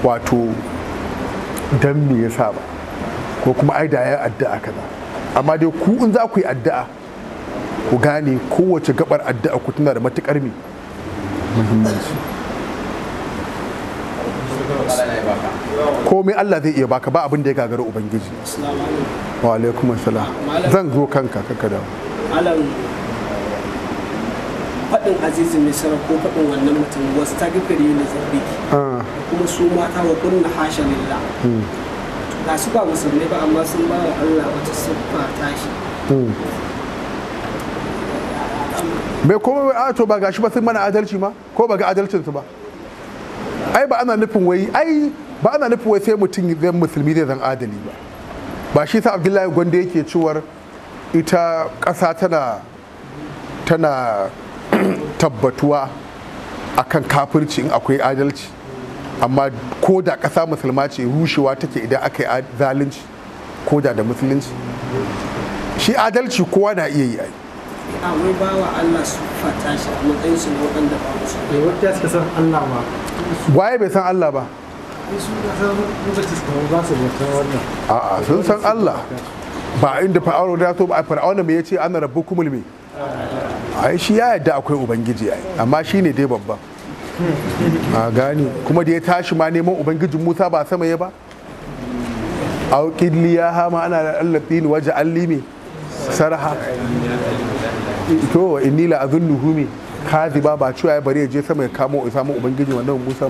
wato dan me yasa ba ko kuma ai da ya addu'a kaza amma dai ku in za ku yi addu'a ku gane kowace gabar addu'a ku tana da matukar me muhimmanci komai Allah zai iya baka ba abin da ya gagara ubangiji wa alaikum assalam zan zo kanka kaka da. alam faɗin azizin misra ko faɗin wannan mutum wasu ta gafari na zarbi. Ah. kuma su mata wa kunna hasha lilla. Hmm. ga su ba musulmi ba amma sun ba wa Allah wata siffa tashi hmm. bai kuma wai ato ba gashi ba sun mana adalci ma ko ba ga adalcinsu ba ai ba ana nufin wai ai ba ana nufin wai sai mutum zai musulmi zai zan adali ba ba shi sa abdullahi gwanda yake cewar ita ƙasa tana tana tabbatuwa akan kafirci in akwai adalci amma ko da ƙasa musulma ce rushewa take idan aka yi zalunci ko da da musulunci shi adalci kowa na iya yi ai wai ba wa Allah su fata shi a matsayin su waɗanda ba musu Wai wata suka san Allah ba waye bai san Allah ba a'a sun san Allah ba inda fir'auna da to ba mai ya ce ana rabbukumul a yi shi ya yadda akwai ubangiji ai amma shine dai babban a gani kuma da ya tashi ma neman ubangijin Musa ba sama ya ba A li ya hama ana allatin waje allimi sarha to inni la azunnuhu mi kaziba ba cewa ya bari ya je sama ya kamo ya samu ubangiji wannan Musa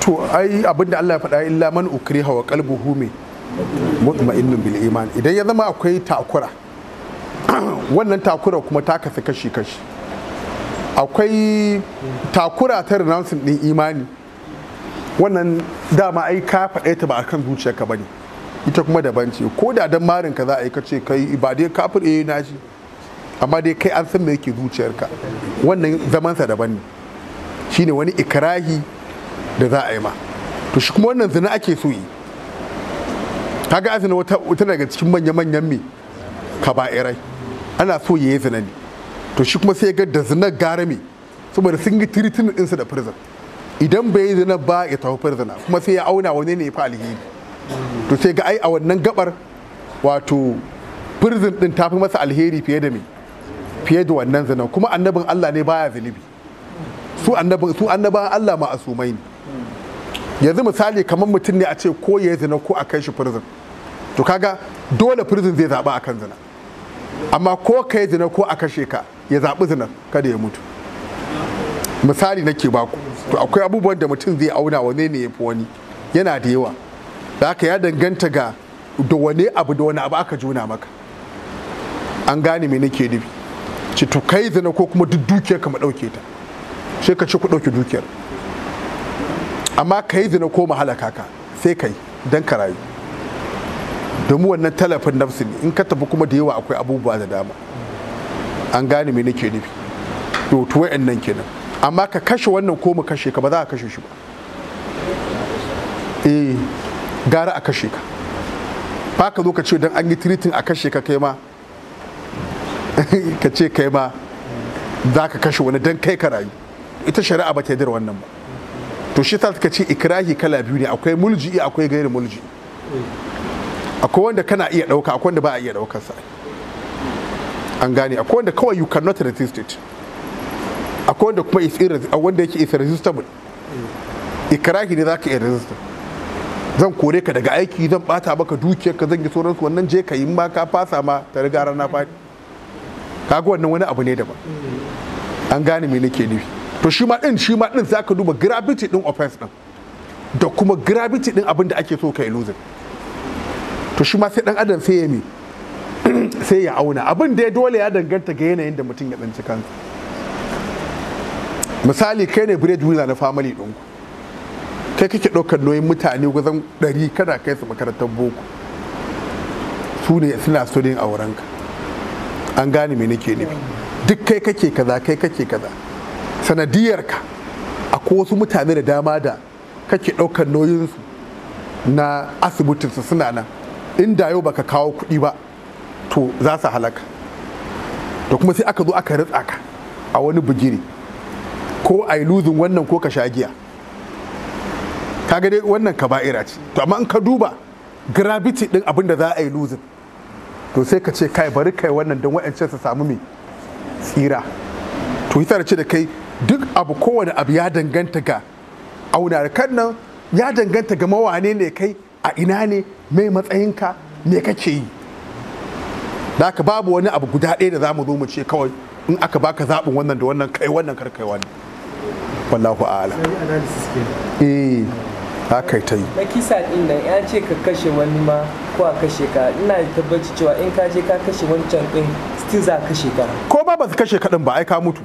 to ai abinda Allah ya faɗa illa man ukriha wa qalbuhu mai mutma'innun bil iman idan ya zama akwai takura wannan takura kuma ta kasa kashi kashi akwai takura ta renouncing din imani wannan dama ai ka faɗa ta ba akan zuciyarka bane ita kuma daban ce ko da dan marin ka za a yi kace kai ba dai kafir eh na ji amma dai kai an san me yake zuciyarka wannan zaman sa daban ne shine wani ikrahi da za a yi ma to shi kuma wannan zina ake so yi kaga azina wata wata daga cikin manya-manyan me kaba'irai ana so ya yi zina ne to shi kuma sai ga da zina gara me saboda sun yi tiritin su da prison idan bai yi zina ba ya tafi prison kuma sai ya auna wani ne ya fi alheri to sai ga ai a wannan gabar wato prison din tafi masa alheri fiye da me fiye da wannan zina kuma annabin Allah ne baya zunubi su annabin su annabawan Allah ma asumai ne yanzu misali kamar mutum ne a ce ko ya zina ko a kai shi prison to kaga dole prison zai zaɓa kan zina amma ko ka yi zina ko a kashe ka ya zaɓi zina kada ya mutu misali nake baku to akwai abubuwan da mutum zai auna wane ne ya fi wani yana da yawa da haka ya danganta ga da wane abu da wani abu aka juna maka an gane me nake nufi ce to kai zina ko kuma duk dukiyar ka mu ɗauke ta sai ku ɗauke dukiyar amma ka yi zina ko mahalaka ka sai ka yi don ka rayu domin wannan talafin nafsi ne in ka tafi kuma da yawa akwai abubuwa da dama an gane me nake nufi to to nan kenan amma ka kashe wannan ko mu kashe ka ba za a kashe shi ba eh gara a kashe ka ba ka zo ka ce don an yi tiritin a kashe ka kai ma ka ce kai ma za ka kashe wani don kai ka rayu ita shari'a ba ta yi wannan ba to shi ta ce ikrahi kala biyu ne akwai mulji'i akwai gairi mulji akwai wanda kana iya ɗauka akwai wanda ba a iya daukar sa an gane akwai wanda kawai you cannot resist it akwai wanda kuma is wanda yake is irresistible ikrahi ne zaka iya resist zan kore ka daga aiki zan bata maka dukiyar ka zan yi sauransu wannan je ka yi ma ka fasa ma ta riga rana fadi kaga wannan wani abu ne daban an gane me nake nufi to shi ma din shi ma din za duba gravity din offense din da kuma gravity din abin da ake so ka yi losing to shi ma sai dan adam sai ya mi sai ya auna abin da ya dole ya danganta ga yanayin da mutum ya tsinci kansa misali kai ne bread winner na family din ku. kai kake ɗaukar noyin mutane wajen ɗari kana kai su makarantar boko su ne suna studying a ka. an gane me nake nufi duk kai kake kaza kai kake kaza sanadiyarka ko wasu mutane da dama da kake ɗaukar nauyinsu na asibitinsu suna nan inda yau baka kawo kuɗi ba to za su halaka to kuma sai aka zo aka ritsa ka a wani bugiri. ko a yi luzin wannan ko ka sha giya ka ga dai wannan ka ba'ira ce to amma in ka duba gravity din abin da za a yi luzin to sai ka ce kai bari kai wannan don waɗancan su samu mai tsira to yi ce da kai duk abu kowane abu ya danganta ga auna kan nan ya danganta ga mawane ne kai a ina ne mai matsayinka me kake yi da ka babu wani abu guda ɗaya da za mu zo mu ce kawai in aka baka zaɓin wannan da wannan kai wannan kar kai wani wallahu a'ala eh haka ta yi na kisa din nan ya ce ka kashe wani ma ko a kashe ka ina tabbaci cewa in ka je ka kashe wani can din still za kashe ka ko ba ba su kashe ka din ba ai ka mutu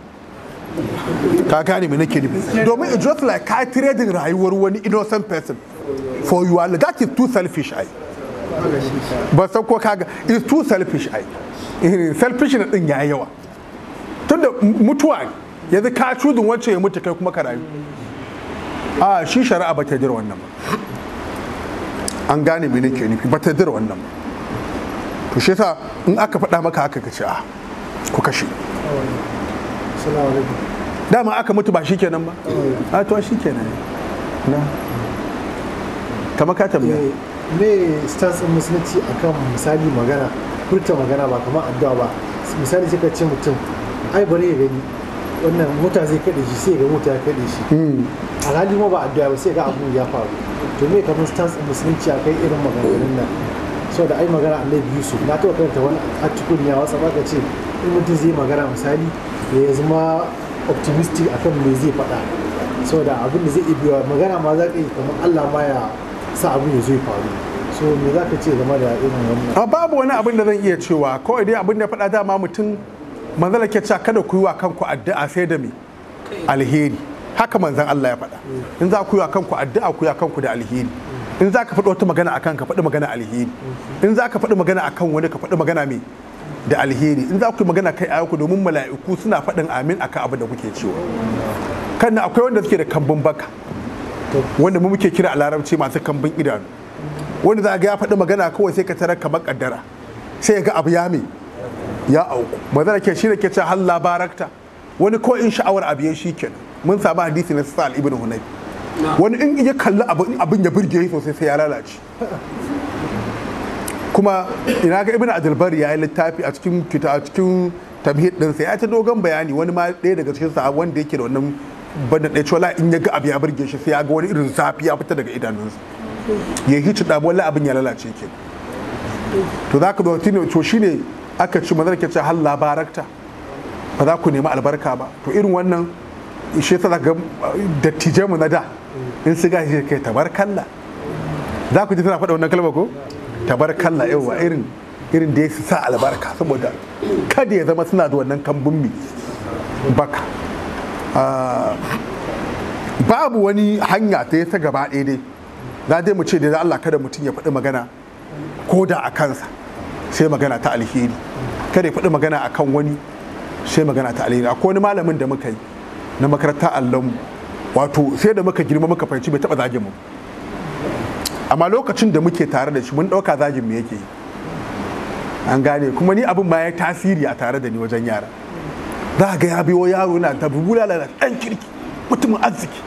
ka gane me nake nufi domin it's just like ka trading rayuwar wani innocent person for you are that is too selfish ai ba san ko kaga it's too selfish ai eh, selfish na din yayi yawa tunda mutuwa yanzu ka cudin wancan ya mutu kai kuma ka rayu a shi shari'a ba ta dira wannan ba an gane me nake nufi ba ta dira wannan ba to shi yasa in aka faɗa maka haka ka ce a ah, ku kashe dama aka mutu ba shikenan ba eh. a ah, to shikenan na kama ka tambaya eh, me stance musulunci akan misali magana furta magana ba kamar addu'a ba misali ka ce mutum ai bari ya gani wannan mota zai kade shi sai ga mota ya kade shi hmm. alhali ma ba addu'a ba sai ga abu ya faru to me kamar stance musulunci akan irin maganganun nan saboda ai magana biyu su na taɓa karanta wani a cikin ya wasa ba ka ce in mutum zai magana misali ya zama optimistic akan me zai faɗa da abin da zai iya biyawa magana ma za ka yi kamar Allah ma ya sa abin ya zai faru so me za ka ce game da irin wannan babu wani abin da zan iya cewa kawai dai abin da faɗa dama mutum manzala ke cewa kada ku yi wa kanku addu'a sai da me alheri haka manzan Allah ya faɗa in za ku yi wa kanku addu'a ku yi wa kanku da alheri in za ka faɗi wata magana akan ka faɗi magana alheri in za ka faɗi magana akan wani ka faɗi magana mai da alheri in za ku yi magana kai ayyuku domin mala'iku suna faɗin amin akan abin da kuke cewa kan na akwai wanda suke da kambun baka wanda mu muke kira a larabci masu kambun idanu wanda za ga ya faɗi magana kawai sai ka tara kamar kaddara sai ya ga abu ya me ya auku magana ke shi da ke ce halla labarakta wani ko in sha'awar abu ya shi mun sami hadisi na sa'al ibn hunayf wani in ya kalli abin ya burge sosai sai ya lalace kuma ina ga ibn adalbar ya yi littafi a cikin kita a cikin tamhid sai ya ta dogon bayani wani ma ɗaya daga cikin sa wanda yake da wannan banda ɗaya cewa in ya ga abu ya burge shi sai ya ga wani irin zafi ya fita daga idanunsa ya hici da wala abin ya lalace ke to za ka zo tuni to shine aka ci mazar ke ce hal labarakta ba za ku nemi albarka ba to irin wannan shi ta za ga uh, dattijai mu na da in su ke kai tabarkalla za ku ji tana faɗa wannan kalma ko tabarkalla yawa irin irin da ya su sa albarka saboda kada ya zama suna da wannan kambun mi baka ah, babu wani hanya ta yasa gaba ɗaya dai na dai mu ce da Allah kada mutum ya faɗi magana ko da a kansa sai magana ta alheri kada ya faɗi magana a kan wani sai magana ta alheri akwai wani malamin da muka yi na makarantar mu, wato sai da muka girma muka fahimci bai taɓa zagin mu amma lokacin da muke tare da shi mun ɗauka zagin me yake an gane kuma ni abin ma ya tasiri a tare da ni wajen yara za ga ya biyo yaro na ta bubula da ɗan kirki mutumin arziki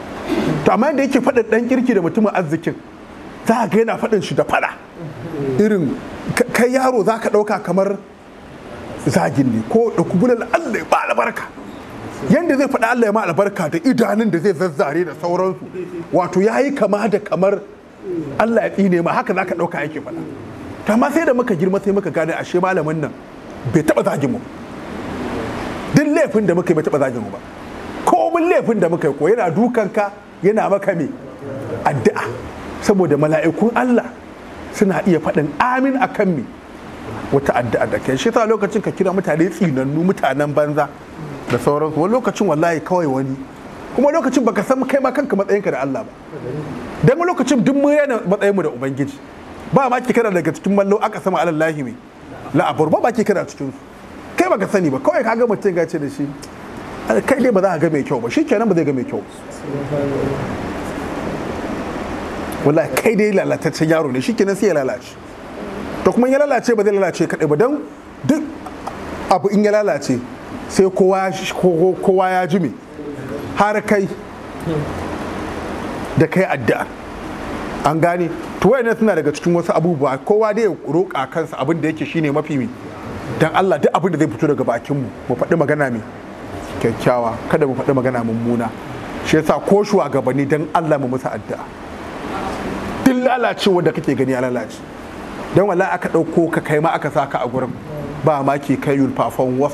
to amma yadda yake faɗin ɗan kirki da mutumin arzikin za ga yana faɗin shi da faɗa irin kai yaro za ka ɗauka kamar zagin ne ko da kubula Allah ya ba albarka yadda zai faɗi Allah ya ma albarka da idanun da zai zazzare da sauransu wato ya yi kama da kamar Allah ya tsine ma haka zaka dauka yake faɗa kama sai da muka girma sai muka gane ashe malamin nan bai taba zagin mu duk laifin da muka yi bai taba zagin mu ba komin laifin da muka yi ko yana dukan ka yana maka me addu'a saboda mala'ikun Allah suna iya faɗin amin akan me wata addu'a da kai shi ta lokacin ka kira mutane tsinannu mutanen banza da sauransu wani lokacin wallahi kawai wani kuma lokacin baka san kai ma kanka matsayinka da Allah ba dan mu lokacin duk mu yana matsayin mu da ubangiji ba ma kike kana daga cikin mallo aka sama alal lahi La abur ba ba kike kana cikin su kai baka sani ba kawai ka ga mutum ya ce da shi kai dai ba za a ga mai kyau ba shi kenan ba zai ga mai kyau wallahi kai dai lalataccen yaro ne shi kenan sai ya lalace to kuma ya lalace ba zai lalace kadai ba don duk abu in ya lalace sai kowa ya ji me har kai da kai addu'a an gane to wayannan suna daga cikin wasu abubuwa kowa dai ya roƙa kansa abin da yake shine mafi dan Allah duk abin da zai fito daga bakin mu mu faɗi magana mai kyakkyawa kada mu faɗi magana mummuna shi yasa ko shugabanni dan Allah mu musu addu'a duk lalacewa da kake gani ya lalace dan wala aka ɗauko ka kai ma aka saka a gurin ba ma ke kai yul perform worse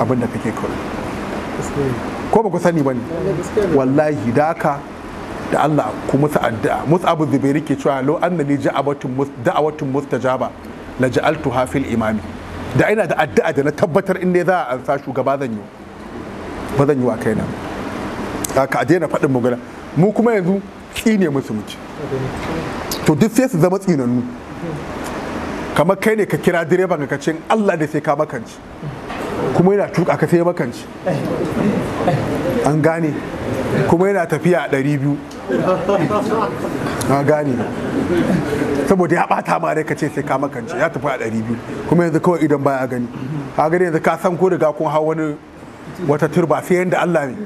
abin da kake kawai ko ba ku sani ba wallahi da haka da Allah ku musu addu'a Abu Zubairi ke cewa law annani ja'abatun da'awatun mustajaba la ja'altu hafil imami da ina da addu'a da na tabbatar in ne za a ansa shugaba zan yi ba zan yi wa kaina ka daina faɗin magana mu kuma yanzu tsine musu muci to duk sai su zama tsinannu kamar kai ne ka kira direban ka ce Allah da sai ka makanci kuma yana tuka ka sai makanci an gane kuma yana tafiya a ɗari biyu na gane saboda ya ɓata ma rai ka ce sai ka makance ya tafi a ɗari biyu kuma yanzu kawai idan baya gani ka gani yanzu ka san ko da kun hau wani wata turba sai yanda Allah ne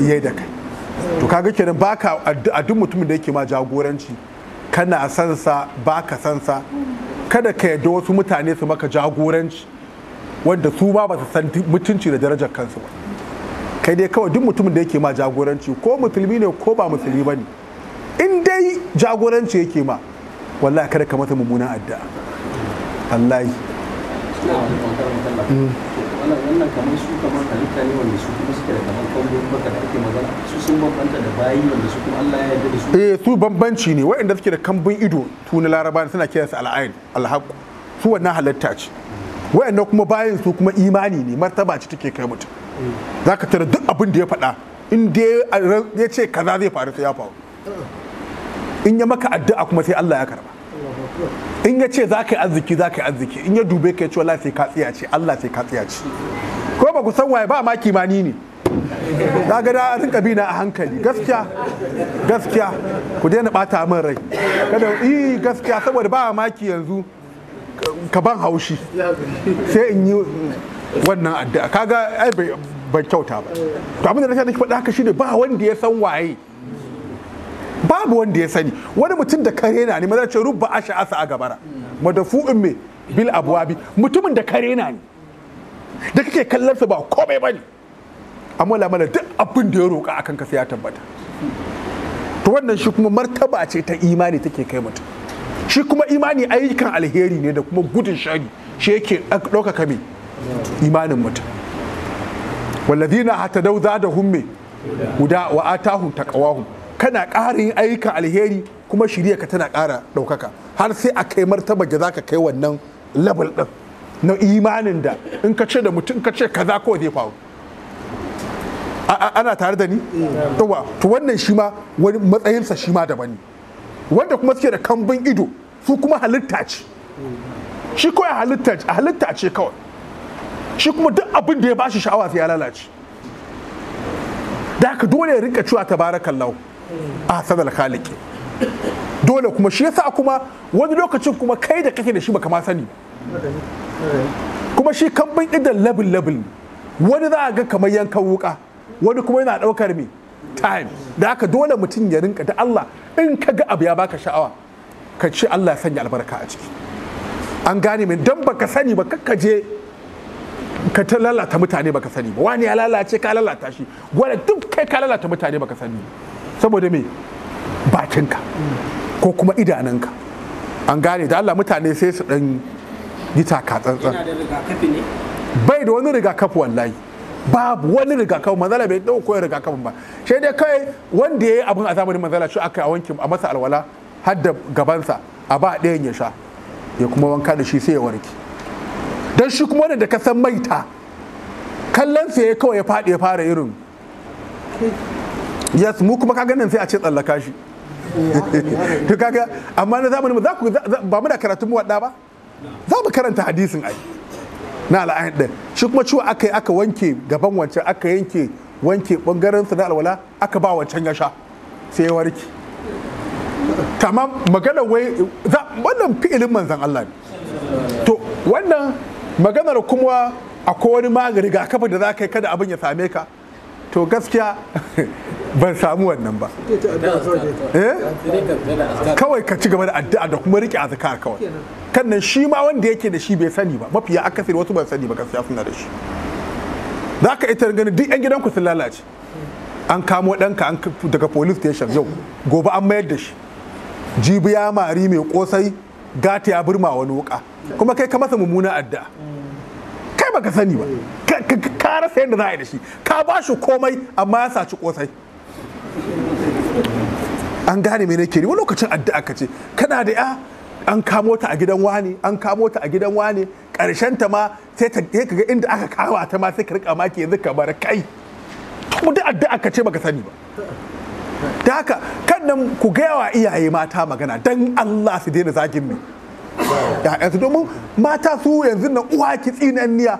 yayi da kai to kaga kenan baka a duk mutumin da yake ma jagoranci kana san sa baka san sa kada ka yarda wasu mutane su maka jagoranci wanda su ba ba su san mutunci da darajar kansu ba kai dai kawai duk mutumin da yake ma jagoranci ko musulmi ne ko ba musulmi ba ne in dai jagoranci yake ma wallahi kada ka mata mummunan addu'a wallahi mm. su da su eh su bambanci ne waɗanda suke da kambun ido tu na laraba suna kiran su al'ain su wannan halatta ce waɗanda kuma bayan su kuma imani ne martaba ce take kai mutum za ka tara duk abin da ya faɗa in dai ya ce kaza zai faru sai ya faru in ya maka addu'a kuma sai Allah ya karba in ya ce za ka yi arziki za ka yi arziki in ya dube ka ya ce wallahi sai ka tsiya ce Allah sai ka tsiya ce ko ba ku san waye ba ma kimani ne za ga da rinka bi a hankali gaskiya gaskiya ku daina bata min rai kada yi gaskiya saboda ba maki yanzu ka ban haushi sai in yi wannan addu'a kaga ai bai kyauta ba to abin da na ki faɗa haka shine ba wanda ya san waye babu wanda ya sani wani mutum da kare na ne maza ce rubba asha asa a gabara madafu'in me bil abwabi mutumin da kare na ne da kake kallon sa ba komai bane amma lamala duk abin da ya roka akan ka sai ya tabbata to wannan shi kuma martaba ce ta imani take kai mutum shi kuma imani ayyukan alheri ne da kuma gudun shari shi yake ɗaukaka mai imanin mutum hata za da me guda wa atahum taqawahum kana ƙarin ayyukan alheri kuma shirya ka tana ƙara ɗaukaka har sai a kai martaba da zaka kai wannan level ɗin na imanin da in ka ce da mutum ka ce kaza ko zai faru ana tare da ni to wannan shi ma wani matsayinsa shi ma daban ne wanda kuma suke da kambin ido su kuma halitta ce shi kawai halitta ce kawai shi kuma duk abin da ya bashi sha'awa sai ya lalace da haka dole ya rinka cewa tabarakallahu a sadal khaliqi dole kuma shi yasa kuma wani lokacin kuma kai da kake da shi baka ma sani kuma shi bin idan labin labin wani za a ga kamar yankan wuka wani kuma yana daukar me time da haka dole mutum ya rinka da Allah in ka ga abu ya baka sha'awa ka ce Allah ya sanya albarka a ciki an gane min dan baka sani ba kakkaje je ka ta lalata mutane baka sani ba wani ya lalace ka lalata shi gwada duk kai ka lalata mutane baka sani saboda me bakinka ko kuma idananka. an gane da Allah mutane sai su dan yi taka tsantsan bai da wani rigakafi wallahi babu wani rigakafi manzala bai dauko koyar rigakafin ba sai dai kai wanda yayi abin a zamanin manzala shi aka wanke a masa alwala har da gabansa a ba ɗayan ya sha ya kuma wanka da shi sai ya warke don shi kuma wadanda ka san maita kallon fiye kawai ya faɗi ya fara irin yes mu kuma kaga nan sai a ce tsallaka shi kaga amma na zamani za ku ba mu da karatun mu wadda ba za mu karanta hadisin ai na al'ayin ɗin shi kuma ciwo aka yi aka wanke gaban wancan aka yanke wanke bangaren su na alwala aka ba wancan ya sha sai ya warke tamam magana wai wannan fi'ilin manzan Allah ne to wannan maganar kuma akwai wani magani ga kafa da za ka yi kada abin ya same ka to gaskiya ban samu wannan ba eh? kawai ka ci gaba da addu'a da kuma rike azkar kawai kan nan shi ma wanda yake da shi bai sani ba mafiya akasari wasu ban sani ba gaskiya suna da shi za ka ita gani duk yan gidanku sun lalace an kamo ɗanka daga police station yau gobe an mayar da shi jibi ya mari mai kosai gata ya birma wani wuka kuma kai ka masa mummuna addu'a baka sani ba ka rasa yadda za a yi da shi ka ba shi komai amma ya saci kosai an gane me nake wani lokacin addu'a ka ce kana da ya an kamo ta a gidan wani an kamo ta a gidan wani karshen ta ma sai ta ka ga inda aka kawo ta ma sai ka rika maki yanzu ka bar kai to duk addu'a ka ce baka sani ba da haka kan nan ku gaya wa iyaye mata magana dan Allah su daina zagin mi. ya'yansu domin mata su yanzu na uwa ki tsinanniya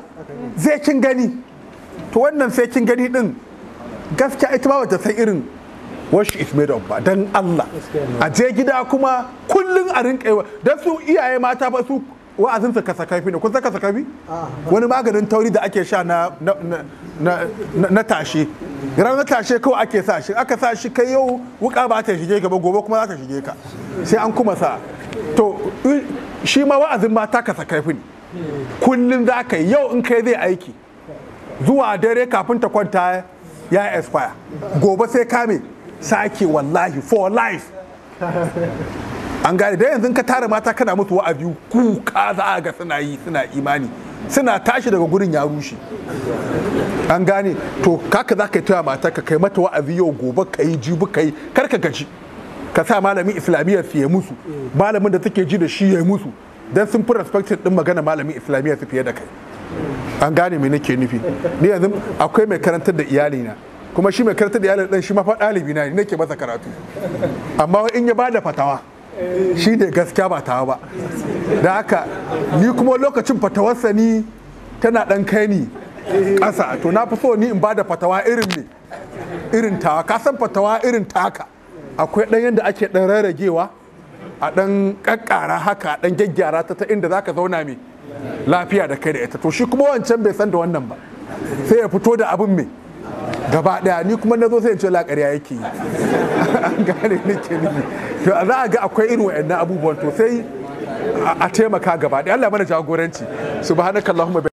zai kin gani to wannan sai kin gani din gaskiya ita ba ta san irin what is made of ba dan Allah a je gida kuma kullum a rinka yi dan su iyaye mata ba su wa'azin su kasa kafi ne kun san kasa kafi wani maganin tauri da ake sha na na tashe ran na tashe kawai ake sa shi aka sa shi kai yau wuka ba ta shige gaba gobe kuma za ta shige ka sai an kuma sa to shi ma wa'azin mata ka kasa kaifi ne kullum za ka yi yau in kai zai aiki zuwa dare kafin ta kwanta ya expire gobe sai kame sake wallahi for life an gane dai yanzu ka tara mata kana mutu wa'azi kuka za a ga suna yi suna imani suna tashi daga gurin ya rushe an gane to kaka za ka yi taya mata ka kai mata wa'azi yau gobe ka yi jibi ka yi kar ka gaji ka sa malamin islamiyya su ya musu malamin da take ji da shi ya musu dan sun fi respected din magana malamin islamiyya su fiye da kai an gane me nake nufi ni yanzu akwai mai karantar da iyali na kuma shi mai karantar da iyali din shi ma fa dalibi na ni nake masa karatu amma in ya bada fatawa shi ne gaskiya ba tawa ba da haka ni kuma lokacin fatawarsa ni tana dan kai ni kasa to na fi so ni in bada fatawa irin ne irin tawa ka san fatawa irin taka akwai ɗan yadda ake ɗan rarragewa a ɗan ƙaƙƙara haka a ɗan gyaggyara ta ta inda za ka zauna mai lafiya da kai da ita to shi kuma wancan bai san da wannan ba sai ya fito da abin mai gaba ɗaya ni kuma na zo sai in ce laƙarya yake yi an gane ni ke ni to za a ga akwai irin wa'annan abubuwan to sai a taimaka gaba ɗaya Allah mana jagoranci subhanakallahumma